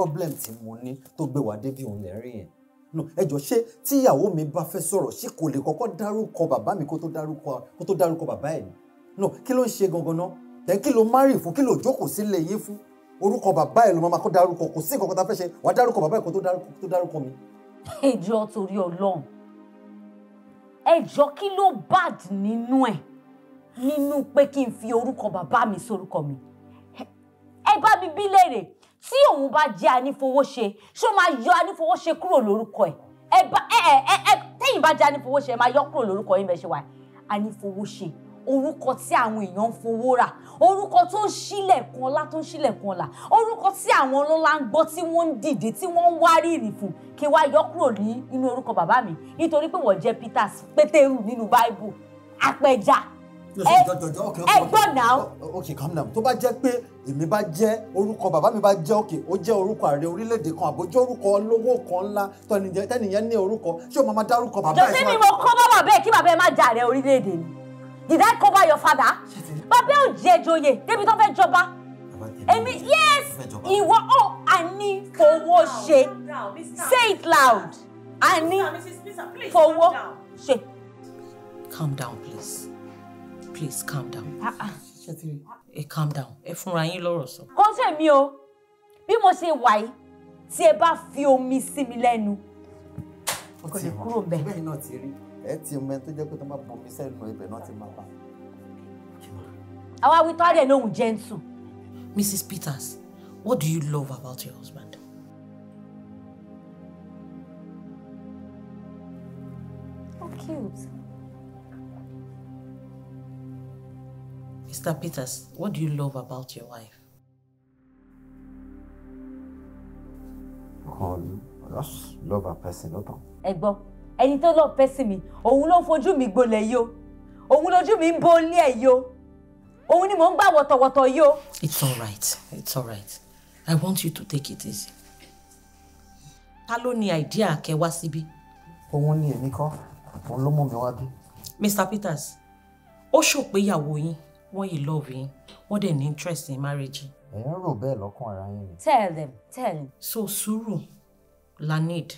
problem tí mo ní tó gbé wá débi òun lè rí yẹn no ẹ jọ ṣé tíyàwó mi bá fẹ́ sọ̀rọ̀ ṣé kò lè kọ́kọ́ dárúkọ bàbá mi kó tó dárúkọ kó tó dárúkọ bàbá ẹ̀ ni no kí ló ń ṣe gangan náà tẹ̀ kí ló márì fún kí ló jókòó sílé yín fún orúkọ bàbá ẹ̀ ló máa kó dárúkọ kò sí nǹkan tá wàá dárúkọ bàbá ẹ̀ kó tó dárúkọ mi. ẹ torí Ọlọ́run ẹ kí ló bad nínú ẹ nínú pé kí n fi orúkọ bàbá mi sórúkọ mi ẹ bá mi bí léèrè tí òun bá jẹ́ anífowóṣe ṣé ó máa yọ anífowóṣe kúrò lórúkọ ẹ̀ ẹ bá ẹ ẹ ẹ tẹ́yìn bá jẹ́ anífowóṣe ẹ máa yọ kúrò lórúkọ yín bẹ́ẹ̀ ṣe wà anífowóṣe orúkọ tí àwọn èèyàn ń fowó rà orúkọ tó ń ṣílẹ̀kùn ọlá tó ń ṣílẹ̀kùn ọlá orúkọ tí àwọn ọlọ́lá ń gbọ́ tí wọ́n ń dìde tí wọ́n ń wárìrì fún kí wá yọ kúrò ní inú orúkọ bàbá mi nítorí pé wọ́n jẹ́ Peter Pétérù nínú Bible apẹja ẹ gbọ́ náà. Okay, calm down tó bá jẹ́ pé èmi bá jẹ́ orúkọ bàbá mi bá jẹ́ ok ó jẹ́ orúkọ ààrẹ orílẹ̀-èdè kan àbójú orúkọ olówó kan ńlá tẹ́nìyẹn ní orúkọ ṣé o máa ma dárúkọ bàbá ẹ̀ fún wa. jọ́sẹ̀ mi mo kọ́ bá bàbá ẹ̀ kí bàbá ẹ̀ má jẹ́ ààrẹ orílẹ̀-èdè ni did I cover your father? bàbá ò jẹ́ joyè débi tó fẹ́ jọba èmi yes ìwọ ò àní fowó ṣe say it loud àní fowó ṣe. calm down please please calm down. Eh, calm down ẹ fúnra yín lọ́rọ̀ sọ. kò tèmi o bí mo ṣe wà yìí tí ẹ bá fi omi sí mi lẹ́nu kò lè kúrò bẹ́ẹ̀. bẹ́ẹ̀ náà ti rí ẹ ti mọ ẹni tó jẹ́ pé tó máa bomi sẹ́nu ibẹ̀ náà ti máa bá. àwa wí tọ́lẹ̀ lóhùn jẹ́ǹtù. Mrs. Peters, what do you love about your husband? Oh, cute. Mr. Peters, what do you love about your wife? Um, I just love her person, lọ́tàn. Ẹ gbọ́, ẹni tó lọ pẹ́sìn mi, òun for you, me mi gbolẹ̀ yìí o, you, me mi yo, bó ń lé ẹ̀ It's all right, it's all right. I want you to take it easy. Talo ló ní àìdíà kẹ wá ni èmi kọ́, òun ló mú mi wá bí. Mr. Peters, ó ṣòpéyàwó yín wọ́n yìí love yín wọ́n dẹ̀ ní interest in marriage. ẹ̀ rò bẹ́ẹ̀ lọ́kàn ara yín ni. tell them tell them. so sùúrù la need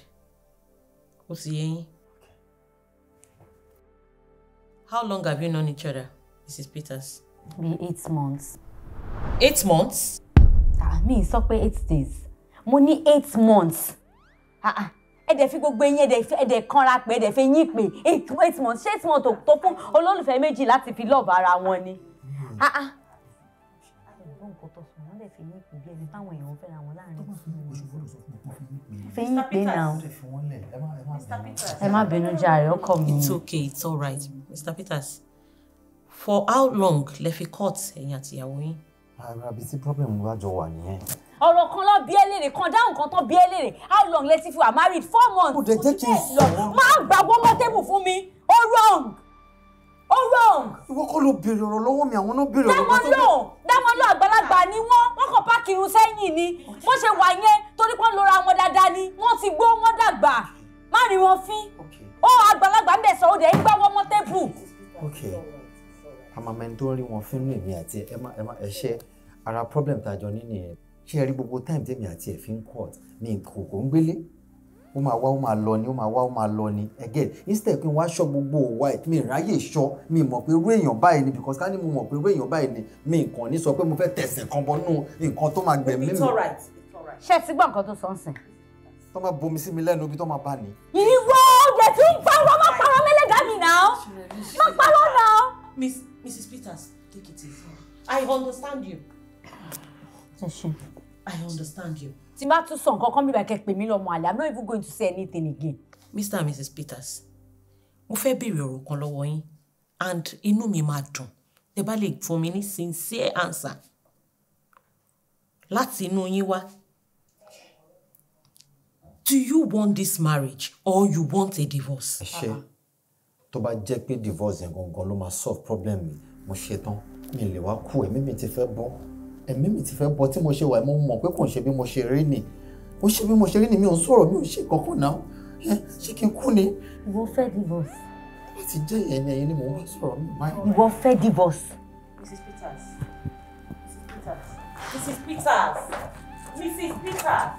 ó sì yé yín. how long have you known each other mrs peters. be eight months. eight months. Ah mi sọ pé eight days mo ní eight months. Uh -uh ẹ dẹ̀ fi gbogbo eyín ẹ dẹ̀ kanra pé ẹ dẹ̀ fi yín pé eight months ṣé eight months tó fún olólùfẹ́ méjì láti fi lọ́ọ̀bù ara wọn ni. Ah, ah. it's okay it's all right Mr. Peters for how long lẹ fi court ẹ̀yin àtìyàwó yín. ara ibi tí problem wa jọ wà nìyẹn ọ̀rọ̀ kan lọ bí ẹlẹ́rẹ̀ kan dáhùn kan tán bí ẹlẹ́rẹ̀ how long lẹ ti fi wà married four months. kò dé jẹ́ kí n sọ̀rọ̀. máa gbàgbọ́ mọ́ tébù fún mi ó wrong ó wrong. ìwọ kọ́ ló béèrè ọ̀rọ̀ lọ́wọ́ mi àwọn náà béèrè ọ̀rọ̀ lọ́wọ́ mi. dáwọn lò dáwọn lò àgbàlagbà ni wọ́n wọ́n kàn páàkì irun sẹ́yìn ni bó ṣe wà yẹn torí pé lóra wọn dáadáa ni wọ́n ti gbó wọ́n dàgbà má rí wọn fín. ó àgbàlagbà ń bẹ̀ sọ òde ìgbà wọn mọ́ tébù. àmàmẹ́ni tó ń rí wọn fín nìyí àti ẹ ṣe ara problem tàjọ nínú yẹn ṣé ẹ rí gbogbo time tèmi àti ẹ̀ fi ń court ní kòkó ń gbélé ó máa wá ó máa lọ ni ó máa wá ó máa lọ ni again instead pé wọ́n á ṣọ́ gbogbo òwa ẹ̀ mi ráyè ṣọ́ mi mọ̀ pé irú èèyàn báyìí ni because ká ní mo mọ̀ pé irú èèyàn báyìí ni mi nǹkan ní sọ pé mo fẹ́ tẹ̀sẹ̀ kan bọ́ nù nǹkan tó máa gbẹ̀mí mi. ṣé ẹ ti gbọ́ nǹkan tó sọ ń sìn. tó máa bomi sí mi lẹ́nu ibi tó máa bá ni. ìwọ ọgbẹ tí ń parọ́ má parọ́ mẹlẹgà mi náà má parọ́ náà. Mrs. Peters take it easy I understand you. I understand you tí bá tún sọ nǹkan kan bàkẹ́ pè mí lọ́mọ àlè i'm not even going to say anything again. mr and mrs peters mo fẹ́ béèrè ọ̀rọ̀ kan lọ́wọ́ yín and inú mi máa dùn tẹ́ bá lè fún mi ní sincere answer láti inú yín wá do you want this marriage or you want a divorce. ẹ ṣe tó bá jẹ́ pé divorce yẹn gangan ló máa solve problem mi mo ṣetán mi lè wá kú ẹ̀mí mi ti fẹ́ bọ́ ẹ̀mí mi ti fẹ́ bọ́ tí mo ṣe wà mo mọ̀ pé kò ṣe bí mo ṣe rí ni mo ṣe bí mo ṣe rí ni mi ò ń sọ̀rọ̀ mi ò ṣe kankan náà ṣé kí n kú ni. ìwọ fẹ́ divorce. wọ́n ti jẹ́ ìyẹn ni ẹ̀yin ni mo wá sọ̀rọ̀ mi máa. ìwọ fẹ́ divorce. Mrs. Peters Mrs. Peters Mrs. Peters Mrs. Peters.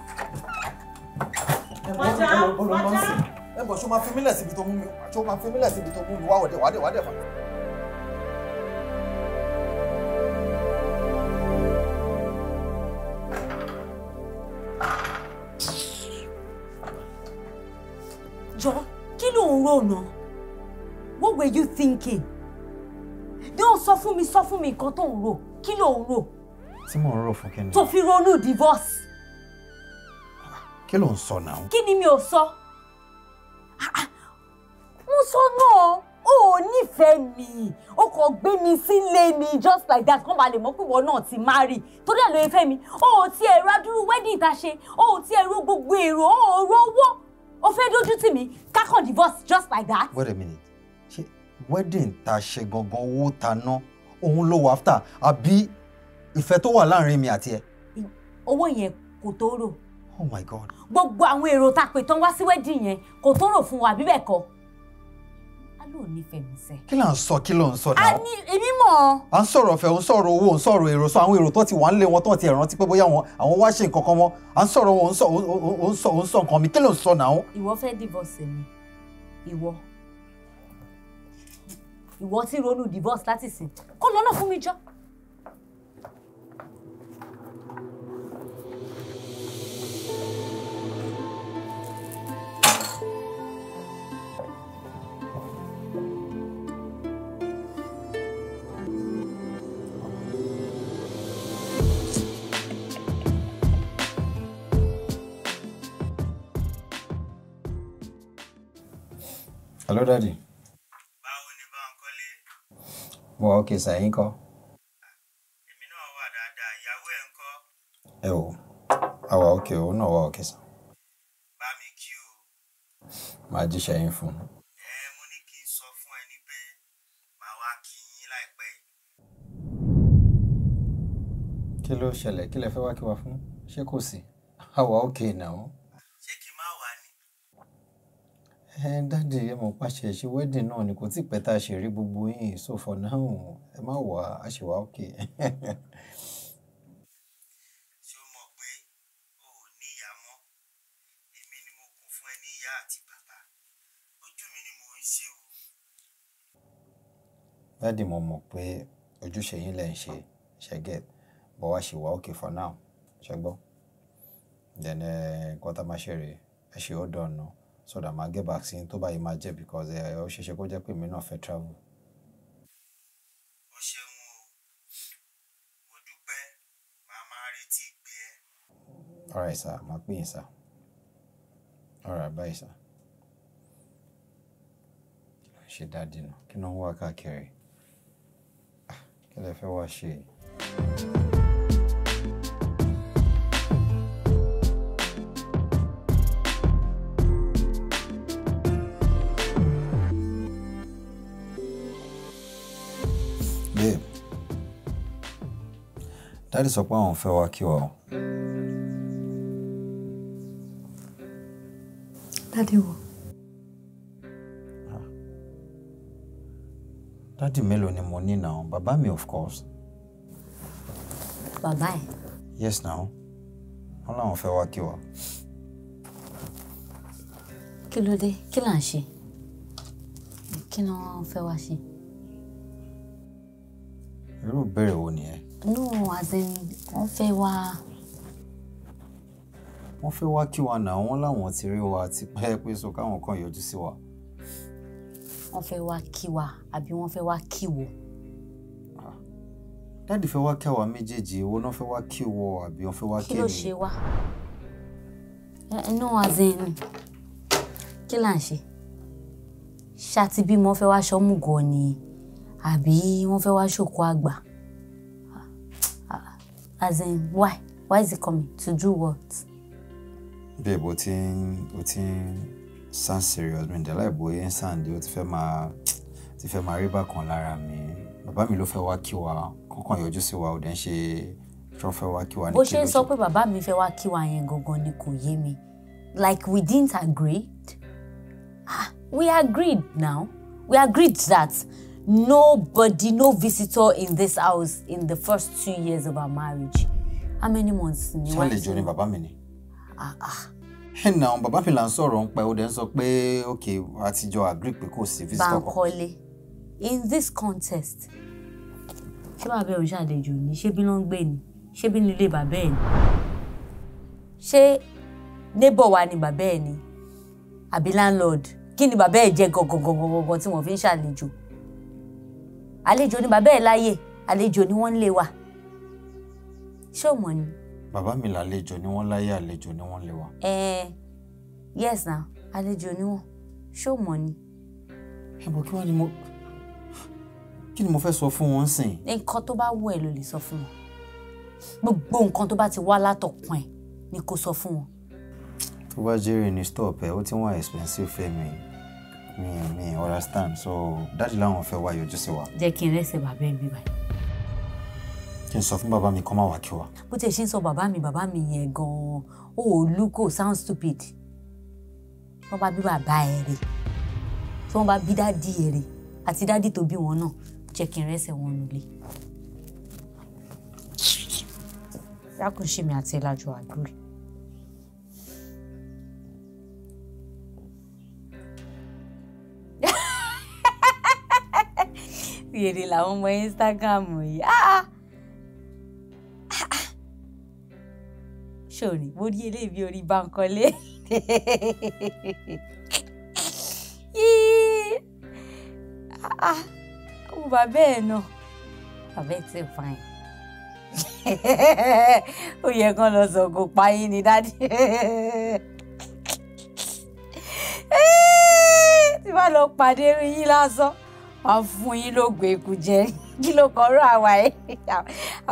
Mọ̀já Mọ̀já. ẹ bọ̀ ṣó máa fi mílẹ̀ síbi tó mú mi ṣó máa fi mílẹ̀ síbi tó mú mi wá wọ̀dẹ̀ wádẹ̀ wádẹ̀ fún mi. jọ kí ló ń rò what were you thinking don't sọ fún mi sọ fún mi nǹkan tó ń rò kí ló ń rò. tí mò ń rò fún kíni. tó fi ronú divorce. kí ló ń sọ náà. kí ni mi ò sọ ah, ah. mo sọ náà ó nífẹ̀ẹ́ mi ó kàn gbé mi sílé mi just like that kàn bá lè mọ̀ pé ìwọ náà ti máa rí torí ẹ̀ ló ń fẹ́ mi ó ti ẹ̀rọ adúrú wedding ta ṣe ó ti ẹ̀rọ gbogbo èrò ó rówó o fẹ́ dójú tì mí kákan divorce just like that. wait a minute ṣe wedding ta ṣe gangan owó ta ná òun ló wà after àbí ìfẹ́ tó wà láàrin mi àti ẹ. owó yẹn kò tó rò. oh my god. gbogbo àwọn èrò tá a pè tán wá sí wedding yẹn kò tó rò fún wa bíbẹ̀ kọ́ ló nífẹ̀ẹ́ mi sẹ́. kí là ń sọ kí ló ń sọ náà. a ní èmi mọ̀. à ń sọ̀rọ̀ ọ̀fẹ́ ń sọ̀rọ̀ owó ń sọ̀rọ̀ èrò sọ àwọn èrò tó ti wà ń lé wọn tó ti rántí pé bóyá wọn àwọn wá ṣe nǹkan kan mọ́ à ń sọ̀rọ̀ wọn ò ń sọ ò ń sọ nǹkan mi kí ló ń sọ náà. ìwọ fẹ́ divorce mi ìwọ ìwọ ti ronú divorce láti sìn kó lọ́nà fún mi jọ́ hello daddy. báwo ni Bánkọ́lé. mo wà ókè sàyìn kọ́. èmi náà wà dáadáa ìyàwó ẹ̀ ń kọ́. ẹ o a wà ókè òun náà wà ókè sàn. bá mi kí o. máa jíṣẹ́ yín fún un. kí ló ṣẹlẹ̀ kí lẹ fẹ́ wá kí wa fún ṣé kò sí àwa òkè náà ẹ dáàdì ẹ mọ̀ pa ṣe ṣe wedding náà ni kò tí pẹ́ tá a ṣe rí gbogbo yín so for now ẹ má wà á ṣe wà ókè. ṣé o mọ̀ pé o ò ní mọ́ èmi ni mo kún fún ẹ ní àti bàbá ojú mi ni mò ń ṣe o. dáàdì mo mọ̀ pé ojúṣe yín lẹ́ ń ṣe ṣẹ́gẹ̀ bọ́ wá ṣe wà ókè for now ṣẹ́gbọ́ dẹ̀ ní kọ́tà máṣẹ́rì ẹ ṣe ó dán náà so that màá get vaccine tó báyìí máa jẹ́ because ẹ eh, ó ṣeéṣe kó jẹ́ pé èmi náà fẹ́ travel. alright sir màá pè yín sir alright bye sir. ṣe dáadé nù kí ló ń wá káàkiri ah, kí lè fẹ́ wá ṣe. thank you dáàdì sọ pé àwọn fẹ́ wá kí wa o. dáàdì wo. Ah. dáàdì mélòó ni mo ní náà bàbá mi of course. bàbá ẹ. yes now wọn làwọn fẹ́ wá kí wa. kí ló dé kí là ń ṣe kí ni wọn fẹ́ wá ṣe. irú ìbéèrè wo nìyẹn no as in wọ́n fẹ́ wá. wọ́n fẹ́ wá kí wa nà wọ́n láwọn ti rí wa ti pẹ́ pé so káwọn kan yọjú sí wa. wọ́n fẹ́ wá kí wa àbí wọ́n fẹ́ wá kí wo. Ah. dáàdì fẹ́ wá kí àwa méjèèjì èwo náà fẹ́ wá kí wọ àbí wọ́n fẹ́ wá kí mi. kí ló ṣe wá eh, eh, no as in kí là ń ṣe ṣá ti bímọ fẹ́ wá ṣọ́mùgọ̀ ni àbí wọ́n fẹ́ wá ṣòkò àgbà as in why why is he coming to do what. babe o ti o ti sound serious mi ǹdẹ́ láìbòye ń sàǹdí o ti fẹ́ máa ti fẹ́ máa rí bákan lára mi bàbá mi ló fẹ́ wá kí wa kọ́kàn yọjú sí wa ò dẹ́n ṣe tó fẹ́ wa kiwa. kí ló bó ṣe ń sọ pé bàbá mi fẹ́ wá kí wa yẹn gangan ni kò yé mi like we didn't agree ah we agreed now we agreed that Nobody, no visitor in this house in the first two years of our marriage. How many months ni wọ́n ti? Ṣálejò ni bàbá mi ni. Ah, ah. Ẹnà àwọn bàbá mi là ń sọ̀rọ̀ ń pẹ́ ó dẹ̀ ń sọ pé okay àtijọ́ agree pé kò sí visitor kan. Bankole, in this contest, ṣé bàbá ẹ̀ ń ṣàlejò ni? Ṣé bí ló ń gbé ni? Ṣé bí nílé bàbá ẹ̀ ni? Ṣé neighbor wa ni bàbá ẹ̀ ni? Àbí landlord? Kí ni bàbá ẹ̀ jẹ́ gangan gangan gangan tí wọ́n fi ń ṣàlejò? àlejò ni bàbá ẹ̀ láyè àlejò ni wọ́n ń lé wa ṣé o mọ̀ ni. bàbá mi làlejò ni wọ́n láyè àlejò ni wọ́n lé wa. ẹẹ yes na àlejò ni wọ́n ṣé o mọ̀ ni. ẹ̀bùn kí wọ́n ni mo kí ni mo fẹ́ sọ fún wọn sìn. nǹkan tó bá wù ẹ́ ló lè sọ fún wọn gbogbo nǹkan tó bá ti wá látọkùn ẹ ni kò sọ fún wọn. tó bá jẹ́rìí ní stop ẹ̀ ó ti wọ́n expensive fẹ́ mi mi mi understand so dáàdi láwọn fẹ́ wá yọjú sí wa. jẹ́ kí n rẹ́sẹ̀ bàbá mi báyìí. kí n sọ fún bàbá mi kó má wá kí wa. bó tiẹ̀ ṣe ń sọ bàbá mi bàbá mi yẹn gan-an ó ò lú kò sound stupid wọ́n bá bí bàbá ẹ̀ rè tí wọ́n bá bí dáàdi ẹ̀ rè àti dáàdi tó bí wọn náà jẹ́ kí n rẹ́sẹ̀ wọn nulẹ̀. dákun mi àti ìlàjọ àdúrà. wèrè làwọn ọmọ Instagram yìí ah, ah. ah, ṣòrí mo rí eléyìí orí Bankole ó bàbá ẹ̀ náà bàbá ẹ̀ ti fain ó yẹ kán lọ sọ̀gùn payín ni dádì tí wàá lọ pàdé yín lásán wọn fún yín lóògùn eku jẹ kí ló kọ ọ̀rọ̀ àwa ẹ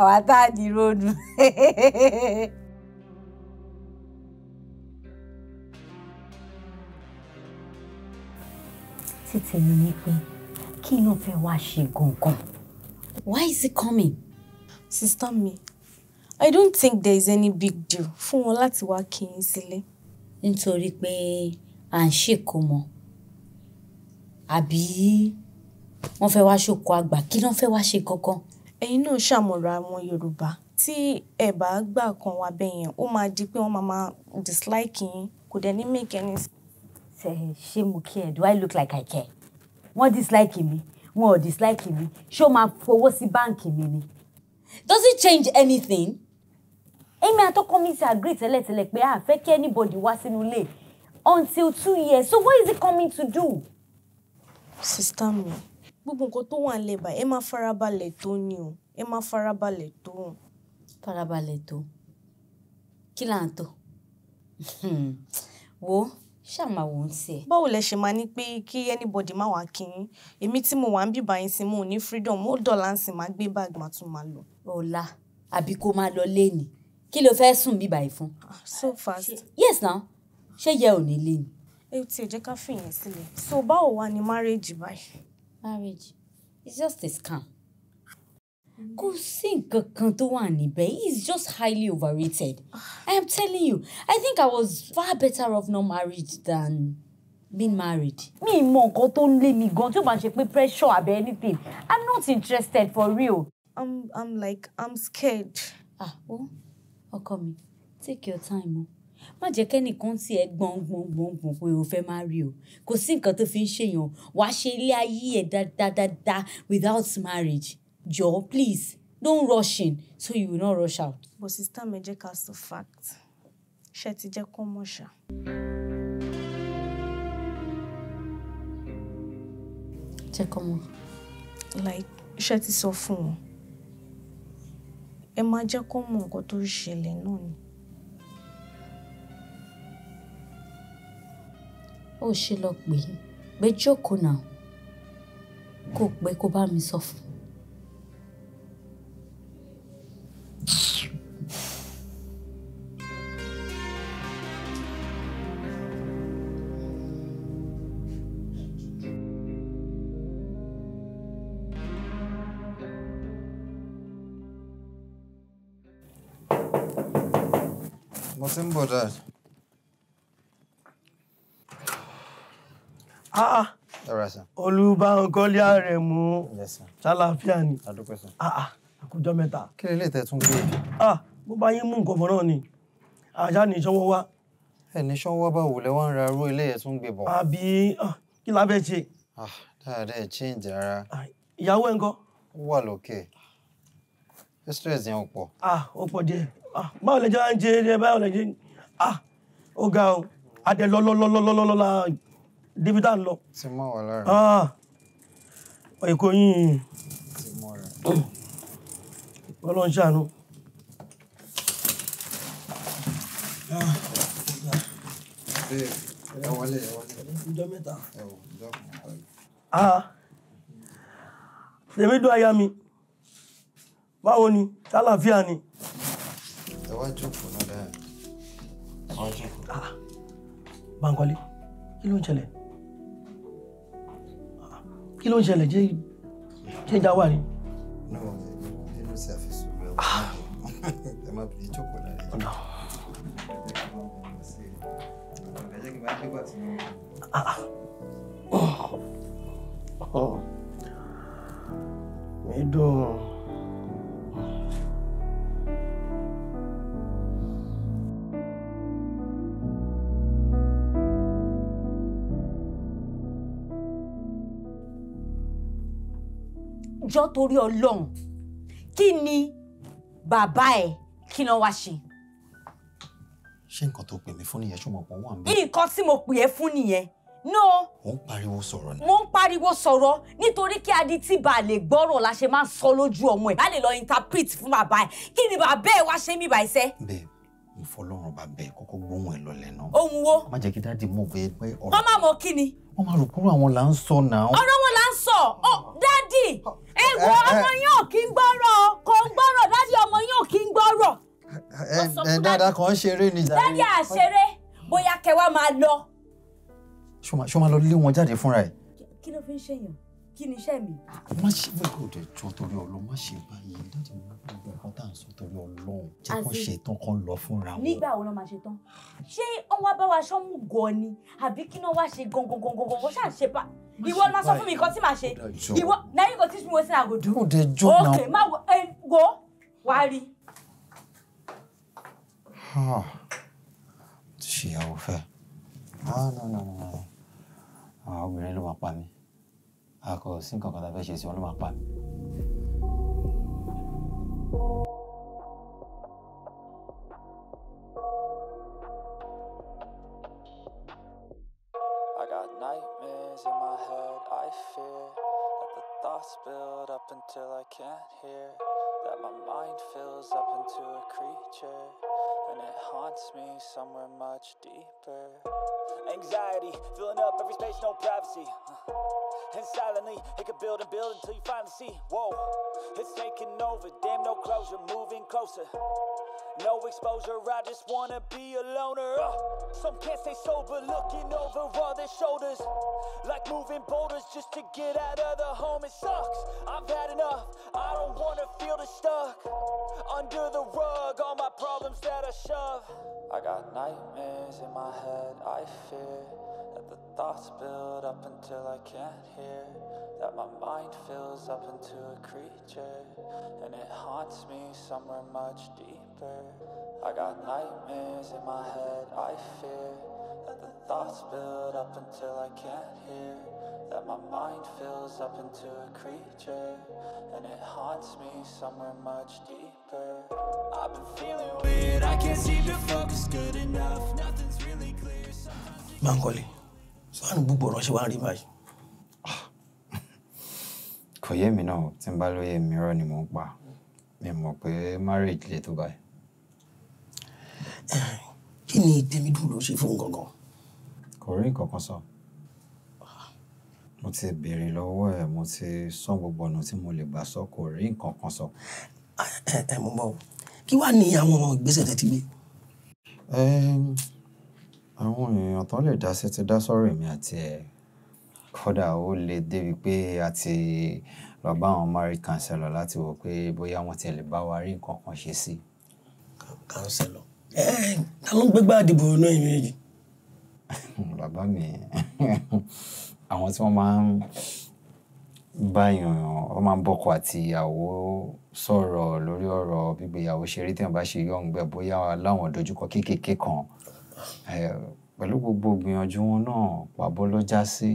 àwa tá a di ròdù. títí mi ni pé kí ló fẹ́ wá ṣe gangan why is he coming. sista mi i don't think there is any big deal fún wọn láti wá kí n sílé. nítorí pé à ń ṣèkómọ àbí wọ́n fẹ́ wá ṣòkò àgbà kí ló ń fẹ́ wá ṣe kankan. ẹ̀yin náà ṣàmọ̀ra àwọn yorùbá tí ẹ bá gbà kan wá bẹ́ẹ̀ yẹn ó máa di pé wọ́n máa máa dislike yín kò dẹ̀ ní make any. ṣé mo kí ẹ do i look like i care wọ́n dislike mi wọn ò dislike mi ṣé o máa fowó sí báǹkì mi ni. does it change anything? èmi àtọkọ mi ti agree tẹ́lẹ̀tẹ́lẹ̀ pé a fẹ́ kí anybody wá sínú ilé until two years so what is it coming to do? Sister. mi gbogbo nǹkan tó wà nílẹ̀ báyìí, ẹ máa farabalẹ̀ tó ni o. Ẹ máa farabalẹ̀ tó. Farabalẹ̀ tó. Kí là ń tò? Wo, ṣá máa wò ó ti ẹ. Báwo lẹ ṣe máa ní pé kí anybody má wá kí yín? Èmi tí mo wà ń bíbà yín sí, mo ò ní freedom. Ó dọ̀la ń sìn máa gbé báàgì máa tún máa lọ. Ọ̀la àbí kó máa lọ léni. Kí ló fẹ́ sùn bíbà yìí fún? Ah, so fast. Yes na, Ṣé yẹ ò ní léni? Ẹ ti ẹ̀ jẹ́ ká fìyẹn sílẹ̀. So báwo wá ni márẹ́jì báyìí? marriage is just a scam kò sí nǹkan kan tó wà níbẹ̀ he is just highly overrated i am telling you i think i was far better off not married than being married. mi mọ nǹkan tó ń lé mi gan tí ó bá ṣe pé pressure àbẹ anything i'm not interested for real. i'm i'm like i'm scared. ah oh, ọkọ mi take your time o. Oh má jẹ́ kẹ́nìkan tí ẹ gbọ̀n gbọ̀n gbọ̀n gbọ̀n pé o fẹ́ má rí o kò sí nǹkan tó fi ń ṣèyàn wàá ṣe ilé ayé ẹ dáadáa without marriage jọ̀ọ́ please don't rush in so you will not rush out. bó sista mi jẹ́ ká sọ fact ṣe ti jẹ́ kó mọ̀ ṣá. jẹ́ kó mọ̀. like ṣe ti sọ fún wọn ẹ máa jẹ́ kó mọ̀ nǹkan tó ń ṣẹlẹ̀ náà ni. ó ṣe lọ pè é pé jókòó náà kò pé kó bá mi sọ fún. What's in about that? olùbánkọ́lé ààrẹ mú ṣàlàfíà ni àkójọ mẹ́ta. kí lè lè tẹ̀ tún gbé. bó bá yín mú nǹkan bọ̀ náà ni àṣà ní ìṣọwọ́ wá. ẹ ní ṣọwọ́ bá wò lẹ́wọ́n ra aró ilé yẹn tún gbé bọ̀. àbí kí la fẹ́ ṣe. dáadáa ẹ chíǹjì ara. ìyàwó ẹ ń kọ́. ó wà lókè stress yẹn ò pọ̀. ó pọ̀ díẹ̀ báwo lè jẹ́ à ń jẹ́ báwo lè jẹ́ ó ga o adẹ lọ́lọ́lọ́lọ́lọ́lọ́lá débi tá à ń lọ. ti mọ wà lára. èkó ah. yín. ti mọ rẹ. ọlọ́run ṣàánú. Ah. ẹ wọlé ẹ wọlé. ọjọ́ mẹ́ta. ẹ wọ ọjọ́ kan. tèmi ah. dún aya mi báwo ni ṣàlàáfíà ni. ẹ wá jókòó náà dáa ẹ wá jókòó. Bánkọ́lé kí ló ń ṣẹlẹ̀? kí ló ń ṣẹlẹ̀ jẹ́ jẹ́ ìjà wà ni. inú sí àfisù rẹ o ẹ má bìí jókòó lára ẹjọ́ ẹ jẹ́ ah, ah. Oh. Oh. mi dùn. jọ́ torí ọlọ́run kí ni bàbá ẹ̀ kí ló wá ṣe. ṣé nǹkan tó pè mí fún nìyẹn ṣùgbọ́n pọ̀ wọ́n à ń bẹ̀. nǹkan tí mo pè ẹ́ fún nìyẹn no. mo ń pariwo sọ̀rọ̀ ni. mo ń pariwo sọ̀rọ̀ nítorí kí adití bá lè gbọ́rọ̀ la ṣe máa ń sọ lójú ọmọ ẹ̀ bá lè lọ interpret fún bàbá ẹ̀ kí ni bàbá ẹ̀ wá ṣe mí bàá iṣẹ́. bẹ́ẹ̀ mo fọlọ́run bá bẹ̀ kọ́kọ́ gbóhùn ẹ̀ lọ́lẹ̀ náà. ohun wo. má jẹ́ kí dáàdi mọ̀ bẹ́ẹ̀ pé ọ̀rọ̀. wọ́n má mọ̀ kí ni. wọ́n má rò kúrò àwọn là ń sọ náà. ọ̀rọ̀ wọn là ń sọ ẹ wo eh, eh, eh. ọmọ yín ò kí ń gbọ́rọ̀ kò ń gbọ́rọ̀ dájú ọmọ yín ò kí ń gbọ́rọ̀. ẹ dáadáa kan ṣeré ni. dáadé àṣeré bóyá kẹwàá máa lọ. ṣó máa lọ lé wọn jáde fúnra ẹ. kí ló fi ń ṣèyàn kí ni iṣẹ́ mi. Ah, má ṣe bẹ́ẹ̀ kò dé jọ torí ọlọ́run má ṣe báyìí láti mú gbogbo ẹ̀kọ́ tá à ń sọ torí ọlọ́run jẹ́ kó ṣetán kan lọ fúnra wọn. nígbà wo ló máa ṣetán ṣé ọwọ́ abáwa ṣọ́mù gan ni àbí kí náà wá ṣe gangan gangan gangan ṣáà ṣe pa ìwọ ló máa sọ fún mi nǹkan tí màá ṣe ìwọ náà yìí kò tí mo sin àgòdì. yóò dé jó náà ok má eh, wo wá rí. ṣìyàwó fẹ́ ah no no no àwọn obìnrin ló máa pa mí. ako sí I got nightmares in my head, I fear that the thoughts build up until I can't hear, that my mind fills up into a creature and it haunts me somewhere much deeper. Anxiety, filling up every space, no privacy. Uh, and silently, it could build and build until you finally see. Whoa, it's taking over, damn, no closure, moving closer. No exposure, I just wanna be a loner. Uh, some can't stay sober, looking over all their shoulders. Like moving boulders just to get out of the home, it sucks. I've had enough, I don't wanna feel the stuck. Under the rug, all my problems that I shove. I got nightmares in my head, I fear that the thoughts build up until I can't hear. That my mind fills up into a creature, and it haunts me somewhere much deeper disappear. I got nightmares in my head, I fear that the thoughts build up until I can't hear. That my mind fills up into a creature, and it haunts me somewhere much deeper. I've been feeling weird, I can't seem to focus good enough. Nothing's really clear. Bankole, so I'm going to go to kò yé mi náà tí n bá lóye mìíràn ni mò ń mi mọ̀ pé marriage le tó báyìí. kí ni Tèmídùn ló ṣe fún gangan. kò rí nǹkan kan sọ mo ti béèrè lọ́wọ́ ẹ̀ mo ti sọ gbogbo ọ̀nà tí mo lè gbà sọ kò rí nǹkan kan sọ. ẹ ẹ mo mọ kí wàá ní àwọn ìgbésẹ̀ tẹ́ ti gbé. àwọn èèyàn tán lè dá sí ti dá sọ́rọ̀ èmi àti ẹ̀ kódà ó lè débi pé a ti lọ bá àwọn marriage counselor láti wò pé bóyá wọ́n ti lè bá wa rí nǹkan kan ṣe sí. counselor ẹ ta ló ń gbégbá àdìbò náà ìrìn èjì. bàbá mi àwọn tí wọ́n máa ń báyàn wọ́n máa ń bọ́kọ àti ìyàwó sọ̀rọ̀ lórí ọ̀rọ̀ gbígbéyàwó ṣe rí téèyàn bá ṣe yọ̀ ń gbẹ bóyá láwọn dojúkọ kéékèèké kan pẹ̀lú gbogbo gbìyànjú wọn náà pàbó ló já sí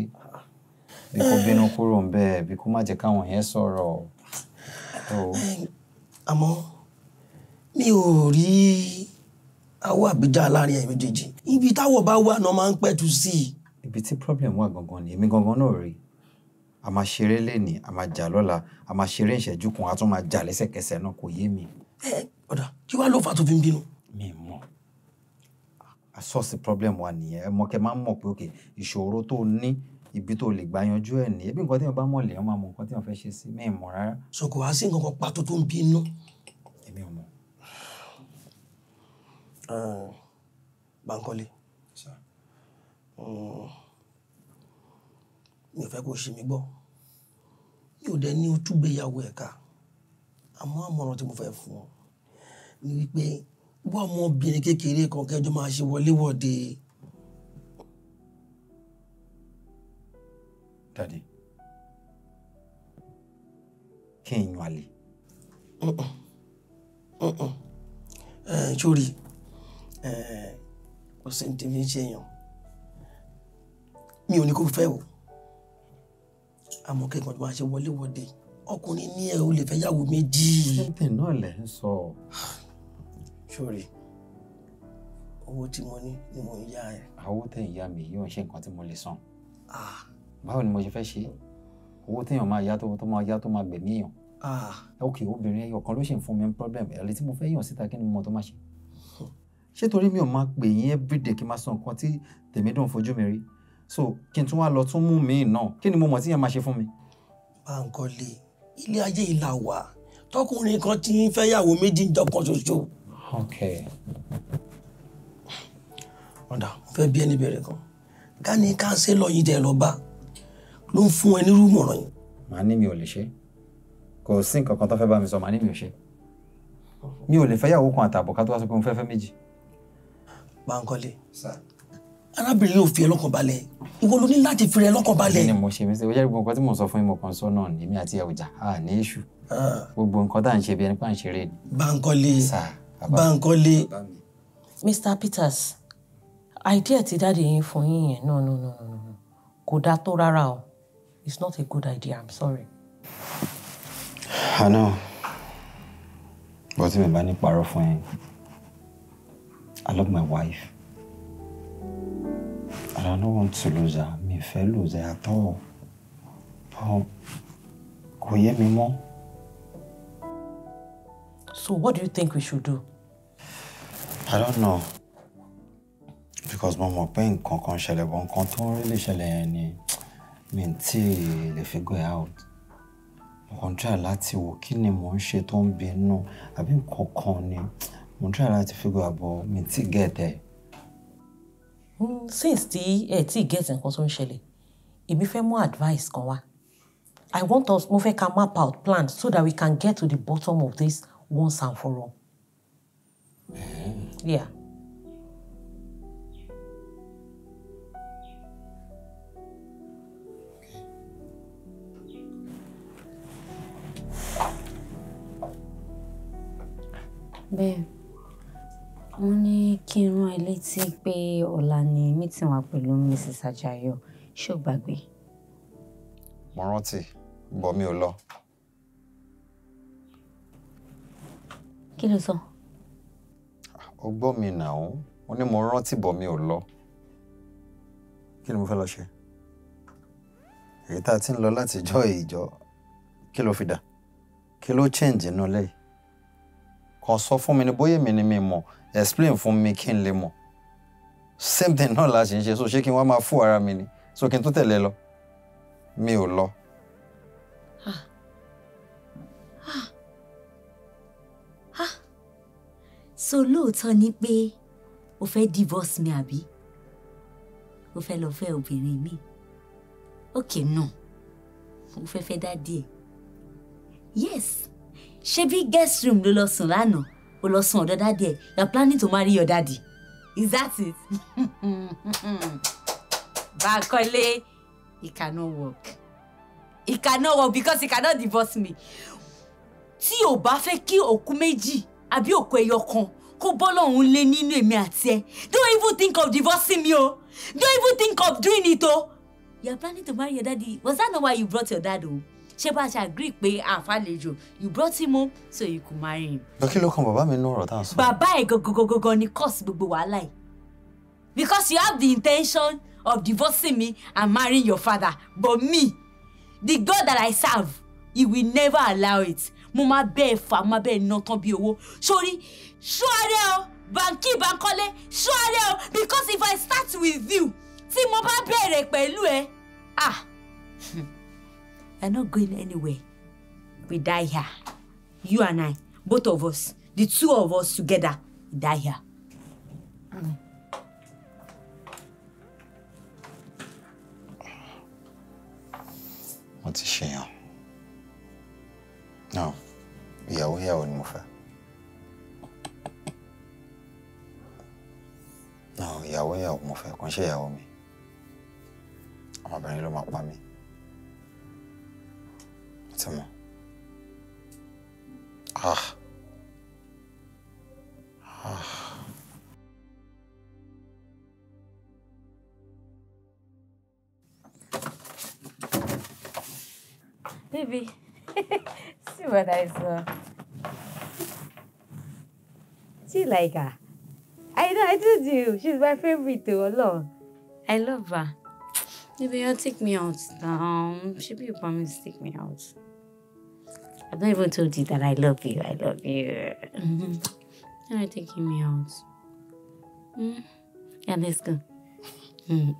bí kò bínú kúrò ń bẹ́ẹ̀ bí kò má jẹ́ káwọn yẹn sọ̀rọ̀. àmọ́ mi ò rí awọ àbíjà láàrin ẹ̀yìn méjèèjì ibi táwọ̀ bá wà náà máa ń pẹ́tù sí i. ibi tí problem wà gangan ni èmi gangan náà rí a máa ṣeré lẹ́nì a máa jà lọ́la a máa ṣeré ìṣẹ́jú kan a tún máa jà lẹ́sẹ̀kẹsẹ̀ náà kò yé mi. ẹ ọ̀dà kí wàá ló fà tó fi ń bínú. mi mọ̀ àsọ̀sì problem wa nìyẹn ẹ mọ kẹ máa ń mọ̀ pé òkè ìṣòro tó ní ibi tó lè gbà yanjú ẹ̀ ní ebi nǹkan tí wọn bá mọ̀ lè wọn máa mọ nǹkan tí wọn fẹ́ ṣe sí mi mọ̀ rárá. sọkò wá sí nǹkan kan pàtó tó ń bínú. Eh, Bankole. Hmm. Mi ò fẹ́ kó ṣì mí gbọ́. Mi ò dẹ̀ ní o ẹ̀ ká. Àmọ́ àmọ̀ràn tí mo fẹ́ fún ọ ni wípé wá ọmọbìnrin kékeré kan kẹjọ máa ṣe wọléwọ̀de. Dàdí, kí n yan àlè. Sori. Eh, kò sí ti fi ń ṣe èèyàn mi ò ní kó fẹ́ o àmọ́ kẹ́kọ̀ọ́ tó wá ṣe wọléwọ̀de ọkùnrin ní ẹ o lè fẹ́ yàwó méjì. tẹ́tẹ̀ náà lẹ̀ ń sọ. sori owó tí mo ní ni mo ń yá ẹ. owó tẹ̀ ń yá mi yóò ṣe nǹkan tí mo lè san. báwo ni mo ṣe fẹ́ ṣe owó téèyàn máa yá tó máa yá tó máa gbẹ̀mí èèyàn. ok obìnrin ẹyọ kan ló ṣe ń fún mi problem ẹ̀ lè tí mo fẹ́ yàn síta kí ni mo tó máa ṣe ṣé torí mi ò máa pè yín everyday kí n máa sọ nǹkan tí tèmi dùn fojú mi rí so kí n tún wá lọ tún mú mi náà kí ni mo mọ̀ tí yẹn máa ṣe fún mi. Bánkọ́lé ilé ayé ìlà wà tọkùnrin kan ti ń fẹ́yàwó méjì ń jọkan ṣoṣo. ọ̀dà mo fẹ́ bí ẹni bẹ̀rẹ̀ kan ká ní káńsélọ̀ yìí tẹ̀ lọ bá ló ń fún ẹ nírú mọ̀ràn yìí. màá ní mi ò lè ṣe kò sí nǹkan kan tó fẹ́ bá mi sọ màá ní mi ò ṣe mi ò lè fẹ́yàwó kan àtààbọ̀ ká tó wá sọ pé mo fẹ́ fẹ́ méjì. Bánkọ́lé. arábìnrin ò fi ẹ lọ́kàn balẹ̀ ìwọ ló ní láti fi rẹ lọ́kàn balẹ̀. kí ni mo ṣe mí sí o jẹ́ gbogbo nǹkan tí mo sọ fún ìmọ̀ kan sọ náà èmi àti ẹ̀wùjà a ní iṣu ah. gbogbo nǹkan tá à ń ṣe bí ẹni pà ń ṣeré ni. Bánkọ́lé Mr. Peters idea ti dáàdi yín fún yín yẹn no no no no kò dáa tó rárá o it's not a good idea i'm sorry. àná bọ́tí mi bá ní parọ́ fún yín I love my wife. And I don't want to lose her. Me fẹ́ lose her at all. But kò yé me more? So what do you think we should do? I don't know. Because mo mọ̀ pé nǹkan kan ṣẹlẹ̀ bọ̀ nǹkan tó ń rí lè ṣẹlẹ̀ yẹn figure out. Mo lati ń try láti wò kí ni mò ń ṣe mo try láti figure àbọ̀ mi ti get ẹ̀. Hmm, since tí ẹ ti get nǹkan tó ń ṣẹlẹ̀ èmi fẹ́ mú advice kan wá i want us mo fẹ́ ká map out plan so that we can get to the bottom of this once and for all. Mm. Yeah. Babe. Wọ́n ní kí n rán ẹ létí pé ọ̀la ni meeting wa pẹ̀lú Mrs. Ajayo. Ṣé o gbàgbé? Mo rántí, bọ̀ mi ò lọ. Kí ló sọ? O gbọ́ mi nà ó. Ó ní mo rántí bọ̀ mi ò lọ. Kí ni mo fẹ́ lọ ṣe? Èyí tá a ti ń lọ láti ìjọ ìjọ, kí ló fi dà? Kí ló change inú lẹ́yìn? Kàn sọ fún mi ni bóyá èmi ni mi mọ̀ explain fún mi kí n lè mọ̀ same thing náà la ṣe ń ṣe so ṣé kí n wá máa fún ara mi ni so kí n tó tẹ̀lé lọ mi ò lọ. so lóòótọ́ ni pé o fẹ́ divorce mi àbí o fẹ́ lọ fẹ́ obìnrin mi ok no o fẹ́ fẹ́ dá díẹ̀ yes ṣebí guest room ló lọ sùn lánàá o lọ sun day, you're planning to marry your daddy is that it? Bakole, it cannot work it cannot work because he cannot divorce me tí o bá fẹ́ kí òkú méjì àbí òkú ẹyọ kan kó bọ́ lọ́hún lé nínú èmi àti ẹ don't even think of divorcing me o don't even think of doing it o You're planning to marry your daddy was that not why you brought your dad home? ṣé bá ṣe agree pé àfàlejò you brought him home so you could marry him. dọ́kí ló kan bàbá mi nú ọ̀rọ̀ tá à ń sọ. bàbá ẹ̀ gangan ni cause gbogbo wàhálà yìí because you have the intention of divorcing me and marrying your father but me the God that I serve he will never allow it mo máa bẹ́ẹ̀ fà mo máa bẹ́ẹ̀ ná tán bí owó sórí ṣọ́ọ́rẹ́ o Banky Bankole ṣọ́ọ́rẹ́ o because if I start with you tí mo bá bẹ̀rẹ̀ pẹ̀lú ẹ ah. Hmm. I'm not going anywhere. We die here. You and I, both of us, the two of us together, we die here. Mm. Mo ti ṣèyàn. No, ìyàwó ìyàwó ni mo fẹ́. No, ìyàwó ìyàwó mo fẹ́, kò ń ṣe ìyàwó mi. Ọmọbìnrin ló máa pa mí. Ah. Ah. Baby, see what I saw. Do like her? I know, I told you. She's my favorite too, alone. I love her. Maybe you'll take me out. Um, she be promise to take me out. I've not even told you that I love you. I love you. Mm-hmm. All right, taking me out. Mm. Yeah, let's go. Mm.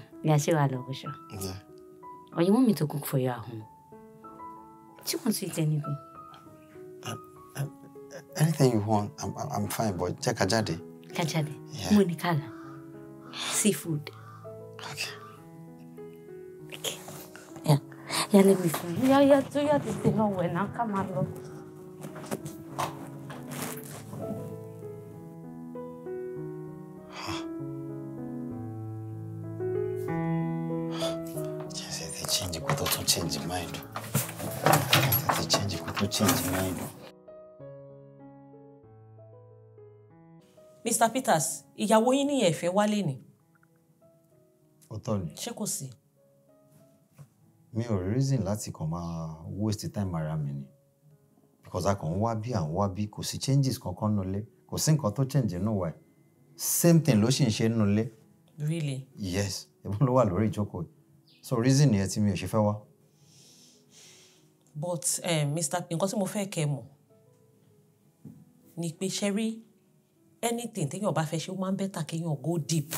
yeah, sure, I love you. Sure. Yeah. Or you want me to cook for you at home? Do you want to eat anything? Uh, uh, anything you want, I'm, I'm fine, but check Kajade. Kajade? Yeah. Monikala. Seafood. Okay. Ya, let me find. Yeah, yeah, do you have to say when I come along? change kuto to change mind. They Mr. Peters, ìyàwó yín ní ẹ̀fẹ́ wálé ni. Ó ni. Ṣé kò sí? mi ò rí reason láti kàn máa waste time ara mi ni because a kàn ń wá bí à ń wá bí kò sí changes kankan nulẹ̀ kò sí nǹkan tó change nù wá same thing ló sì ń ṣe nulẹ̀. really. yes ebó ló wà lórí ìjókòó so reason yẹn tí mi ò ṣe fẹ́ wá. but um, eh, Mr. nǹkan tí mo fẹ́ kẹ́ mọ̀ ni pé ṣe rí anything téèyàn bá fẹ́ ṣe ó máa ń bẹ́tà kéèyàn go deep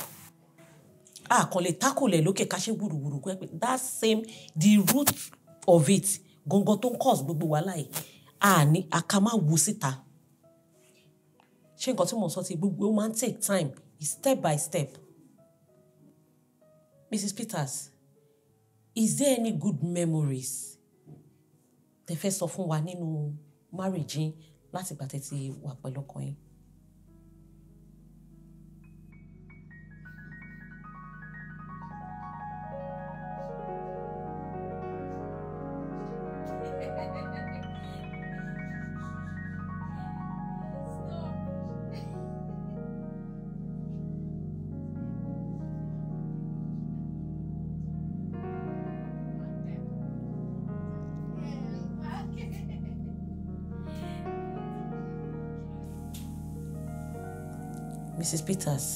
àkànlè tákòlẹ̀ lókè ká ṣe gbùrùgbùrù pé that same the root of it gangan tó ń cause gbogbo wàhálà yìí àní àká máa wò síta ṣé nǹkan tí mo sọ ti gbogbo ó máa ń take time step by step Mrs. Peters is there any good memories tẹ́ fẹ́ sọ fún wa nínú marriage yín láti gbà tẹ́ ti wà pẹ̀lú ọkọ yín. Mrs. Peters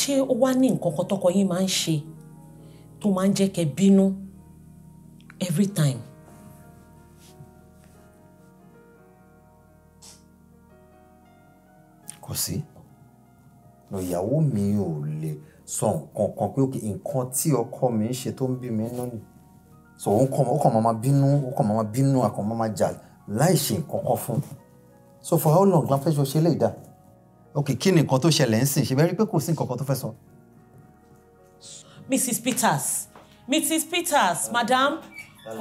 ṣé ó wá ní nǹkan kan tọkọ yín máa ń ṣe tó máa ń jẹ́ kẹ́ bínú every time. kò sí ìyàwó mi ò lè sọ nǹkan kan pé òkè nǹkan tí ọkọ mi ń ṣe tó ń bí mi nínú ni so ó kàn máa bínú ó kàn máa bínú àkàn máa jà láì ṣe nǹkan kan fún un so for how long la fẹ́ ṣe lè dá ok kí ni nǹkan tó ṣẹlẹ̀ ń sìn ṣe bẹ́ẹ̀ rí pé kò sí nǹkan kan tó fẹ́ sọ. Mrs. Peters Mrs. Peters madam